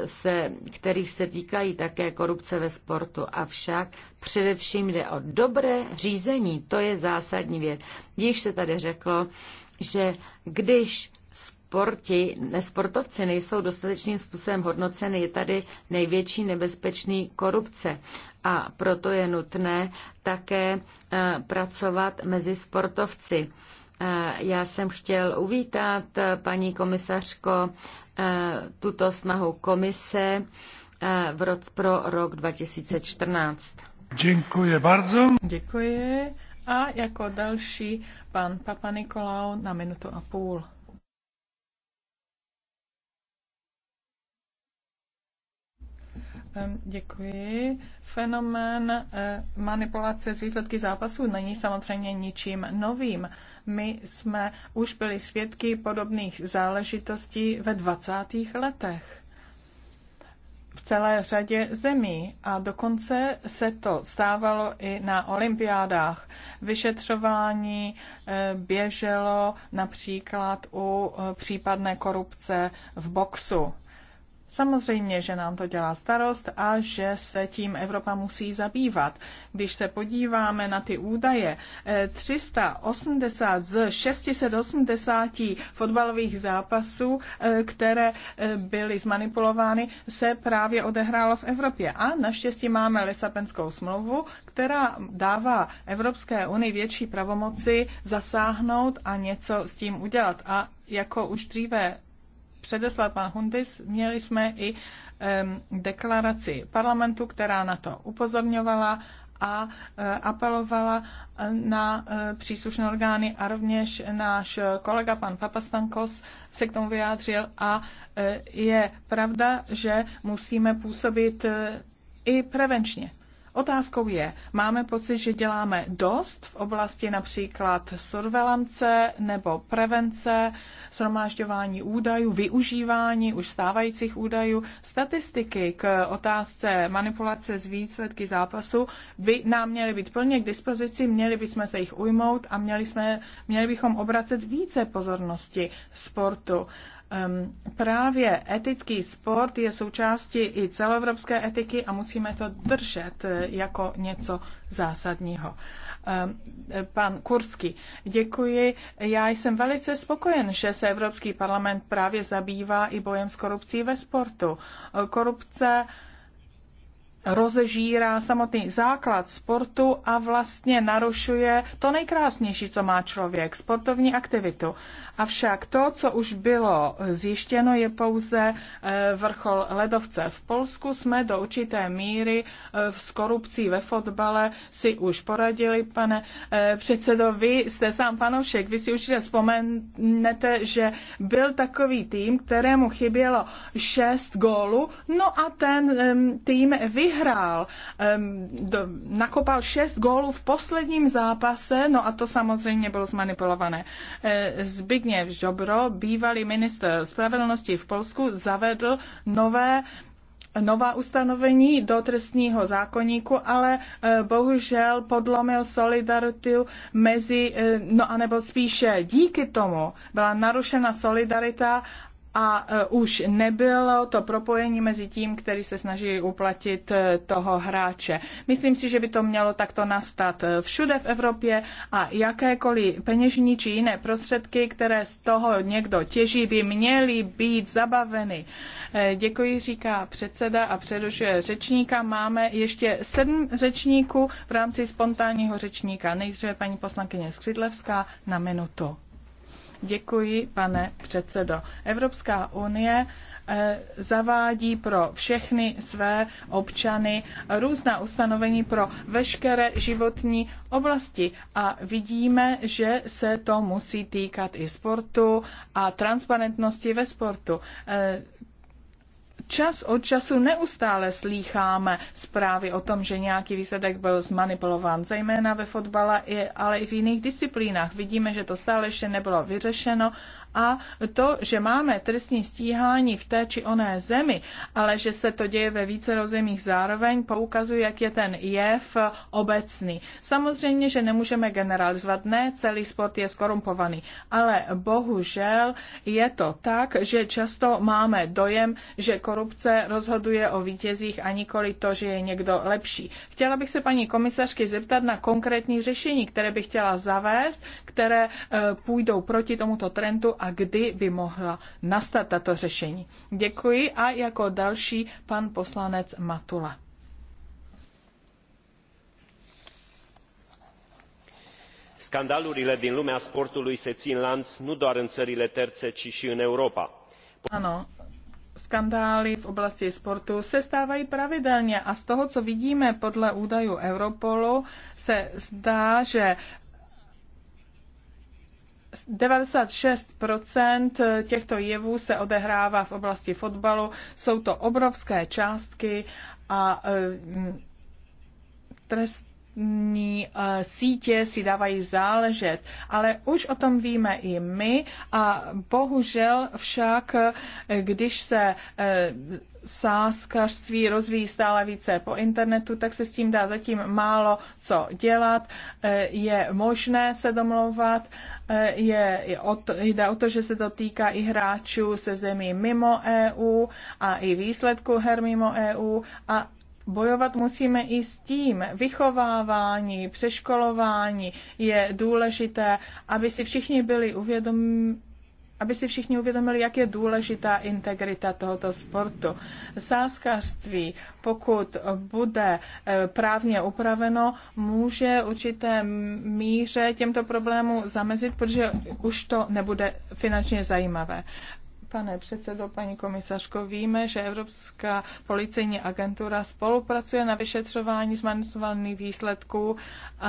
se, kterých se týkají také korupce ve sportu. Avšak především jde o dobré řízení, to je zásadní věc. Již se tady řeklo, že když sporti, sportovci nejsou dostatečným způsobem hodnoceny, je tady největší nebezpečný korupce. A proto je nutné také eh, pracovat mezi sportovci. Eh, já jsem chtěl uvítat, eh, paní komisařko, tuto snahu komise v rok, pro rok 2014. Děkuji bardzo. Děkuji. A jako další pan Papa Nikolau na minutu a půl. Děkuji. Fenomén e, manipulace s výsledky zápasů není samozřejmě ničím novým. My jsme už byli svědky podobných záležitostí ve 20. letech v celé řadě zemí a dokonce se to stávalo i na olympiádách. Vyšetřování e, běželo například u e, případné korupce v boxu Samozřejmě, že nám to dělá starost a že se tím Evropa musí zabývat. Když se podíváme na ty údaje, 380 eh, z 680 fotbalových zápasů, eh, které eh, byly zmanipulovány, se právě odehrálo v Evropě. A naštěstí máme Lisabonskou smlouvu, která dává Evropské unii větší pravomoci zasáhnout a něco s tím udělat. A jako už dříve předeslal pan Hundis, měli jsme i um, deklaraci parlamentu, která na to upozorňovala a uh, apelovala e, na uh, příslušné orgány a rovněž náš kolega pan Papastankos se k tomu vyjádřil a uh, je pravda, že musíme působit uh, i prevenčně Otázkou je, máme pocit, že děláme dost v oblasti například surveillance nebo prevence, shromážďování údajů, využívání už stávajících údajů. Statistiky k otázce manipulace z výsledky zápasu by nám měly být plně k dispozici, měli bychom se jich ujmout a měli, jsme, měli bychom obracet více pozornosti sportu Ehm, právě etický sport je součástí i celoevropské etiky a musíme to držet eh, jako něco zásadního. Ehm, eh, pan Kurský, děkuji. Já jsem velice spokojen, že se Evropský parlament právě zabývá i bojem s korupcí ve sportu. Eh, korupce rozežírá samotný základ sportu a vlastně narušuje to nejkrásnější, co má člověk, sportovní aktivitu. Avšak to, co už bylo zjištěno, je pouze eh, vrchol ledovce. V Polsku jsme do určité míry eh, s korupcí ve fotbale si už poradili. Pane eh, předsedo, vy jste sám fanoušek, vy si určitě vzpomenete, že byl takový tým, kterému chybělo šest gólů, no a ten tým vyhrál. Nakopal šest gólů v posledním zápase, no a to samozřejmě bylo zmanipulované. Zbigniew Zbigniew Ziobro, bývalý minister spravedlnosti v Polsku, zavedl nové nová ustanovení do trestního zákoníku, ale eh, bohužel podlomil solidaritu mezi, eh, no anebo spíše díky tomu byla narušena solidarita a e, už nebylo to propojení mezi tím, který se snaží uplatit e, toho hráče. Myslím si, že by to mělo takto nastat e, všude v Evropě a jakékoliv peněžní či jiné prostředky, které z toho někdo těží, by měly být zabaveny. Děkuji, říká předseda a předušuje řečníka. Máme ještě sedm řečníků v rámci spontánního řečníka. Nejdříve paní poslankyně Skřidlevská na minutu. Děkuji, pane předsedo. Evropská unie eh, zavádí pro všechny své občany různá ustanovení pro veškeré životní oblasti. A vidíme, že se to musí týkat i sportu a transparentnosti ve sportu. Eh, čas od času neustále slýcháme zprávy o tom, že nějaký výsledek byl zmanipulován, zejména ve fotbale, ale i v jiných disciplínách. Vidíme, že to stále ještě nebylo vyřešeno a to, že máme trestní stíhání v té či oné zemi, ale že se to děje ve více rozemích zároveň, poukazuje, jak je ten jev obecný. Samozřejmě, že nemůžeme generalizovat, ne celý sport je skorumpovaný, ale bohužel je to tak, že často máme dojem, že korupce rozhoduje o vítězích a nikoli to, že je někdo lepší. Chtěla bych se paní komisařky zeptat na konkrétní řešení, které by chtěla zavést, které eh, půjdou proti tomuto trendu a a kdy by mohla nastat tato řešení. Děkuji a jako další pan poslanec Matula. Skandalurile din lumea sportului se țin lanț nu doar în țările terțe, ci și în europa. Ano, skandály v oblasti sportu se stávají pravidelně a z toho, co vidíme podle údajů Europolu, se zdá, že 96 těchto jevů se odehrává v oblasti fotbalu. Jsou to obrovské částky a e, trest sociální eh, sítě si dávají záležet, ale už o tom víme i my a bohužel však, eh, když se eh, sáskařství rozvíjí stále více po internetu, tak se s tím dá zatím málo co dělat. Je možné se domlouvat, je, je o to, jde o to, že se to týká i hráčů se zemí mimo EU a i výsledku her mimo EU a Bojovat musíme i s tím. Vychovávání, přeškolování je důležité, aby si všichni byli uvědomí, aby si všichni uvědomili, jak je důležitá integrita tohoto sportu. Sázkařství, pokud bude eh, právně upraveno, může určité míře těmto problémům zamezit, protože už to nebude finančně zajímavé. Pane předsedo, paní komisařko, víme, že Evropská policejní agentura spolupracuje na vyšetřování zmanipulovaných výsledků,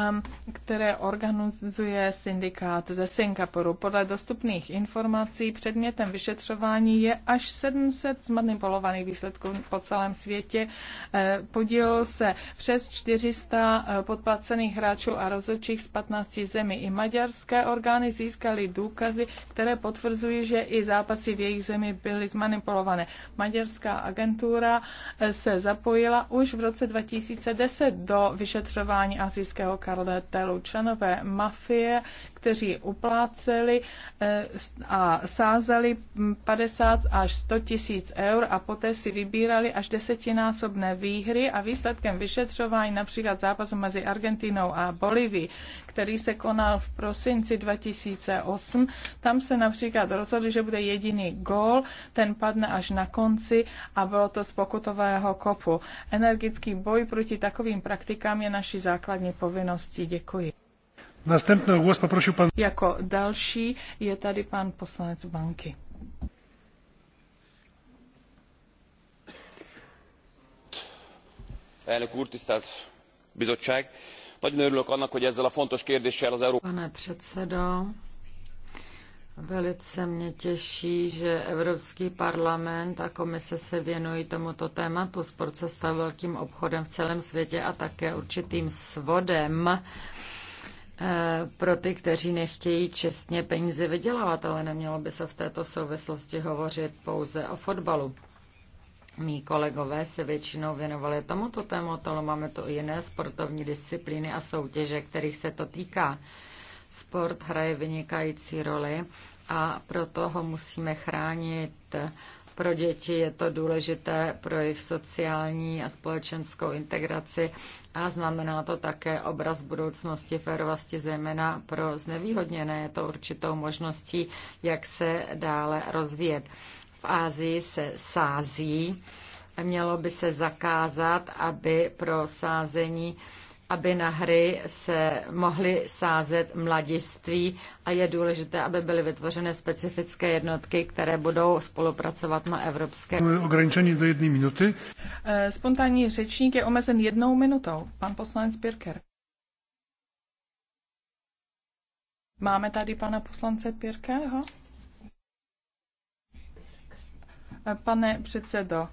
um, které organizuje syndikát ze Singapuru. Podle dostupných informací předmětem vyšetřování je až 700 zmanipulovaných výsledků po celém světě. Eh, Podílil se přes 400 eh, podplacených hráčů a rozhodčích z 15 zemí. I maďarské orgány získaly důkazy, které potvrzují, že i zápasy v jejich zemi byly zmanipulované. Maďarská agentura eh, se zapojila už v roce 2010 do vyšetřování azijského kartelu. Členové mafie, kteří upláceli eh, a sázeli 50 až 100 tisíc eur a poté si vybírali až desetinásobné výhry a výsledkem vyšetřování například zápasu mezi Argentinou a Bolivií, který se konal v prosinci 2008, tam se například rozhodli, že bude jediný gól, ten padne až na konci a bylo to z pokutového kopu. Energický boj proti takovým praktikám je naší základní povinností. Děkuji. Następny pan... Jako další je tady pan poslanec Banky. Pane předsedo, Velice mě těší, že Evropský parlament a komise se věnují tomuto tématu. Sport se stal velkým obchodem v celém světě a také určitým svodem eh, pro ty, kteří nechtějí čestně peníze vydělávat, ale nemělo by se v této souvislosti hovořit pouze o fotbalu. Mí kolegové se většinou věnovali tomuto tématu, ale máme to i jiné sportovní disciplíny a soutěže, kterých se to týká. Sport hraje vynikající roli a proto ho musíme chránit. Pro děti je to důležité pro jejich sociální a společenskou integraci a znamená to také obraz budoucnosti férovosti, zejména pro znevýhodněné. Je to určitou možností, jak se dále rozvíjet. V Ázii se sází. Mělo by se zakázat, aby pro sázení aby na hry se mohly sázet mladiství a je důležité, aby byly vytvořeny specifické jednotky, které budou spolupracovat na evropské. Ograničení do jedné minuty. Eh, spontánní řečník je omezen jednou minutou. Pan poslanec Pirker. Máme tady pana poslance Pirkého? Eh, pane předsedo,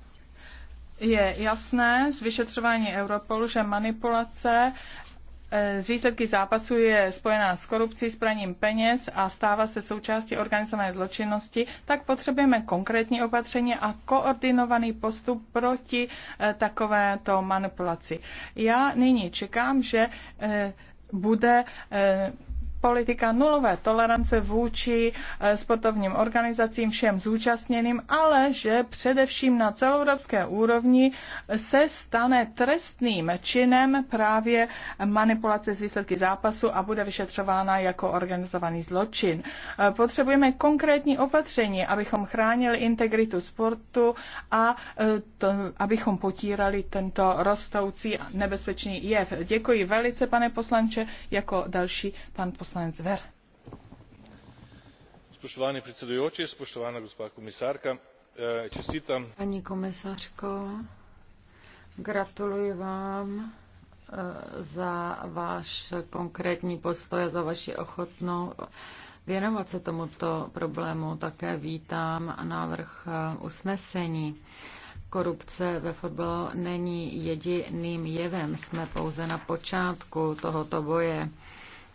je jasné z vyšetřování Europolu, že manipulace eh, z výsledky zápasu je spojená s korupcí, s praním peněz a stává se součástí organizované zločinnosti, tak potřebujeme konkrétní opatření a koordinovaný postup proti eh, takovéto manipulaci. Já nyní čekám, že eh, bude politika nulové tolerance vůči eh, sportovním organizacím, všem zúčastněným, ale že především na celoevropské úrovni se stane trestným činem právě manipulace s výsledky zápasu a bude vyšetřována jako organizovaný zločin. Eh, potřebujeme konkrétní opatření, abychom chránili integritu sportu a eh, to, abychom potírali tento rostoucí nebezpečný jev. Děkuji velice, pane poslanče, jako další pan poslanče poslanec Ver. Spoštovani predsedujoči, spoštovana gospa komisarka, eh, čestitam. Paní komisařko, gratuluji vám eh, za váš konkrétní postoj a za vaši ochotnou věnovat se tomuto problému. Také vítám návrh eh, usnesení. Korupce ve fotbalu není jediným jevem, jsme pouze na počátku tohoto boje.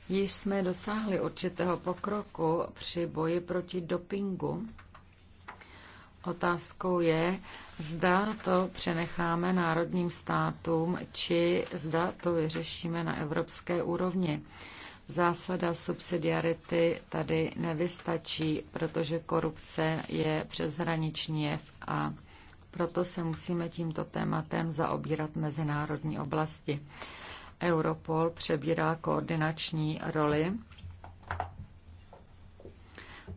Již jsme dosáhli určitého pokroku při boji proti dopingu. Otázkou je, zda to přenecháme národním státům, či zda to vyřešíme na evropské úrovni. Zásada subsidiarity tady nevystačí, protože korupce je přeshraniční jev a proto se musíme tímto tématem zaobírat mezinárodní oblasti. Europol přebírá koordinační roli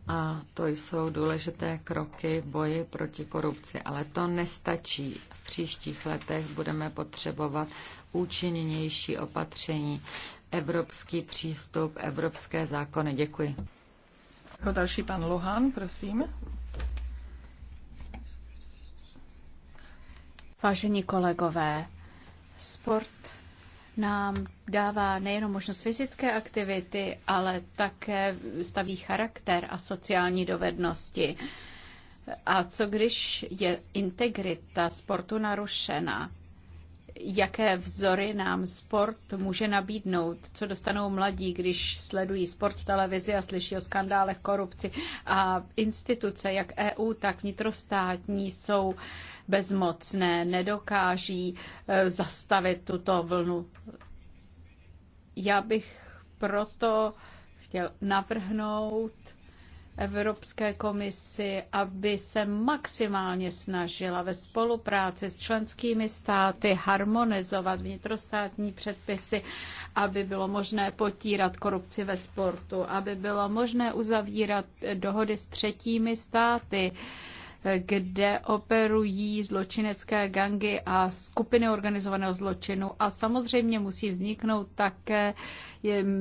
a to jsou důležité kroky v boji proti korupci. Ale to nestačí. V příštích letech budeme potřebovat účinnější opatření, evropský přístup, evropské zákony. Děkuji. Jako další pan Lohan, prosím. Vážení kolegové, sport nám dává nejenom možnost fyzické aktivity, ale také staví charakter a sociální dovednosti. A co když je integrita sportu narušena? Jaké vzory nám sport může nabídnout? Co dostanou mladí, když sledují sport v televizi a slyší o skandálech korupci? A instituce, jak EU, tak vnitrostátní, jsou uh, bezmocné, nedokáží eh, zastavit tuto vlnu. Já bych proto chtěl navrhnout Evropské komisi, aby se maximálně snažila ve spolupráci s členskými státy harmonizovat vnitrostátní předpisy, aby bylo možné potírat korupci ve sportu, aby bylo možné uzavírat dohody s třetími státy, kde operují zločinecké gangy a skupiny organizovaného zločinu a samozřejmě musí vzniknout také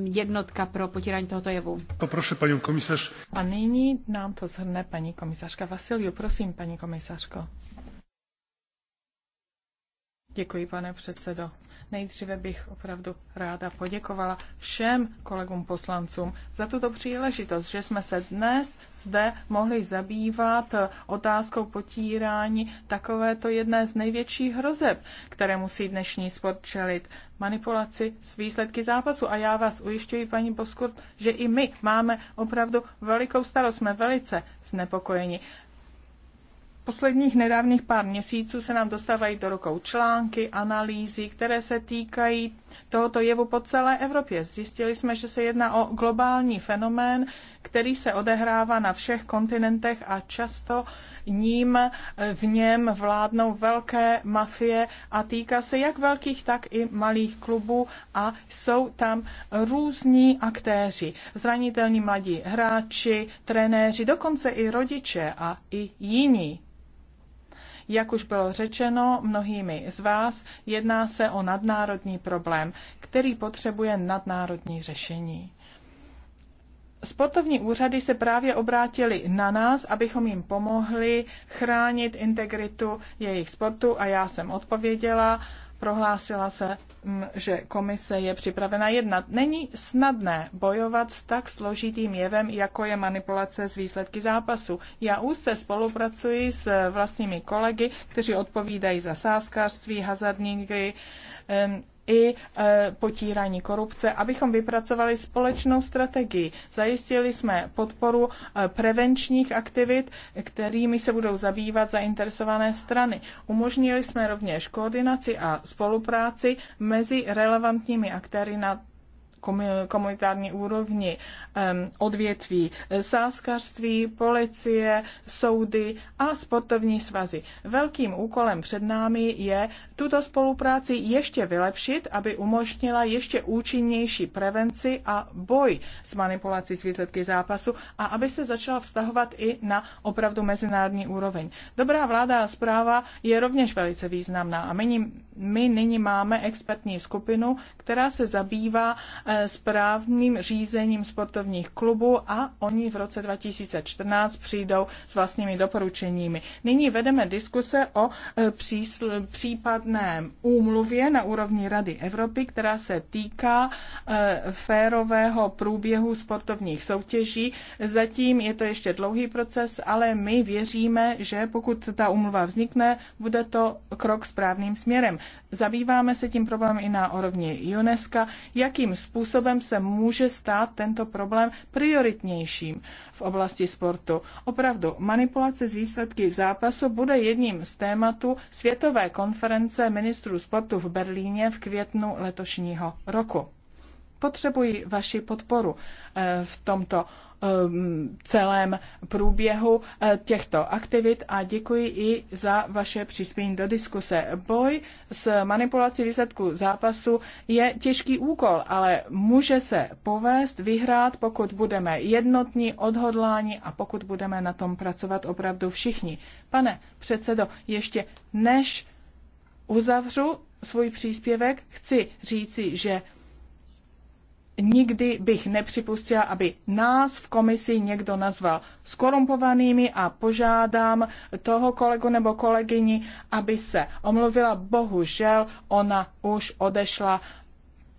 jednotka pro potírání tohoto jevu. Poprosím paní komisař. A nyní nám to zhrne paní komisařka Vasiliu. Prosím, paní komisařko. Děkuji, pane předsedo. Nejdříve bych opravdu ráda poděkovala všem kolegům poslancům za tuto příležitost, že jsme se dnes zde mohli zabývat otázkou potírání takovéto jedné z největších hrozeb, které musí dnešní sport čelit manipulaci s výsledky zápasu. A já vás ujišťuji, paní Poskurt, že i my máme opravdu velikou starost, jsme velice znepokojeni posledních nedávných pár měsíců se nám dostávají do rukou články, analýzy, které se týkají tohoto jevu po celé Evropě. Zjistili jsme, že se jedná o globální fenomén, který se odehrává na všech kontinentech a často ním eh, v něm vládnou velké mafie a týká se jak velkých, tak i malých klubů a jsou tam různí aktéři, zranitelní mladí hráči, trenéři, dokonce i rodiče a i jiní jak už bylo řečeno mnohými z vás, jedná se o nadnárodní problém, který potřebuje nadnárodní řešení. Sportovní úřady se právě obrátili na nás, abychom jim pomohli chránit integritu jejich sportu a já jsem odpověděla prohlásila se, mm, že komise je připravena jednat. Není snadné bojovat s tak složitým jevem, jako je manipulace z výsledky zápasu. Já už se spolupracuji s vlastními kolegy, kteří odpovídají za sázkařství, hazardní hry, i e, potírání korupce, abychom vypracovali společnou strategii. Zajistili jsme podporu e, prevenčních aktivit, kterými se budou zabývat zainteresované strany. Umožnili jsme rovněž koordinaci a spolupráci mezi relevantními aktéry na komunitární úrovni odvětví sáskařství, policie, soudy a sportovní svazy. Velkým úkolem před námi je tuto spolupráci ještě vylepšit, aby umožnila ještě účinnější prevenci a boj s manipulací s výsledky zápasu a aby se začala vztahovat i na opravdu mezinárodní úroveň. Dobrá vláda a zpráva je rovněž velice významná a my, my nyní máme expertní skupinu, která se zabývá správným řízením sportovních klubů a oni v roce 2014 přijdou s vlastními doporučeními. Nyní vedeme diskuse o e, přísl- případném úmluvě na úrovni Rady Evropy, která se týká e, férového průběhu sportovních soutěží. Zatím je to ještě dlouhý proces, ale my věříme, že pokud ta úmluva vznikne, bude to krok správným směrem. Zabýváme se tím problémem i na úrovni UNESCO, jakým způsobem způsobem se může stát tento problém prioritnějším v oblasti sportu. Opravdu, manipulace z výsledky zápasu bude jedním z tématů Světové konference ministrů sportu v Berlíně v květnu letošního roku potřebují vaši podporu eh, v tomto ehm, celém průběhu eh, těchto aktivit a děkuji i za vaše přispění do diskuse. Boj s manipulací výsledků zápasu je těžký úkol, ale může se povést vyhrát, pokud budeme jednotní, odhodláni a pokud budeme na tom pracovat opravdu všichni. Pane předsedo, ještě než uzavřu svůj příspěvek, chci říci, že nikdy bych nepřipustila, aby nás v komisi někdo nazval skorumpovanými a požádám toho kolegu nebo kolegyni, aby se omluvila. Bohužel ona už odešla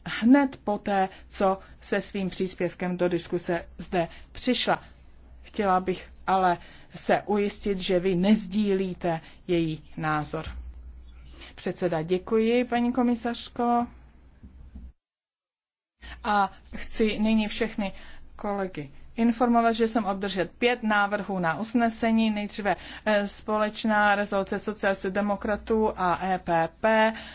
hned poté, co se svým příspěvkem do diskuse zde přišla. Chtěla bych ale se ujistit, že vy nezdílíte její názor. Předseda, děkuji, paní komisařko. A chci nyní všechny kolegy informovat, že jsem obdržel pět návrhů na usnesení, nejdříve eh, společná rezoluce sociálních demokratů a EPP,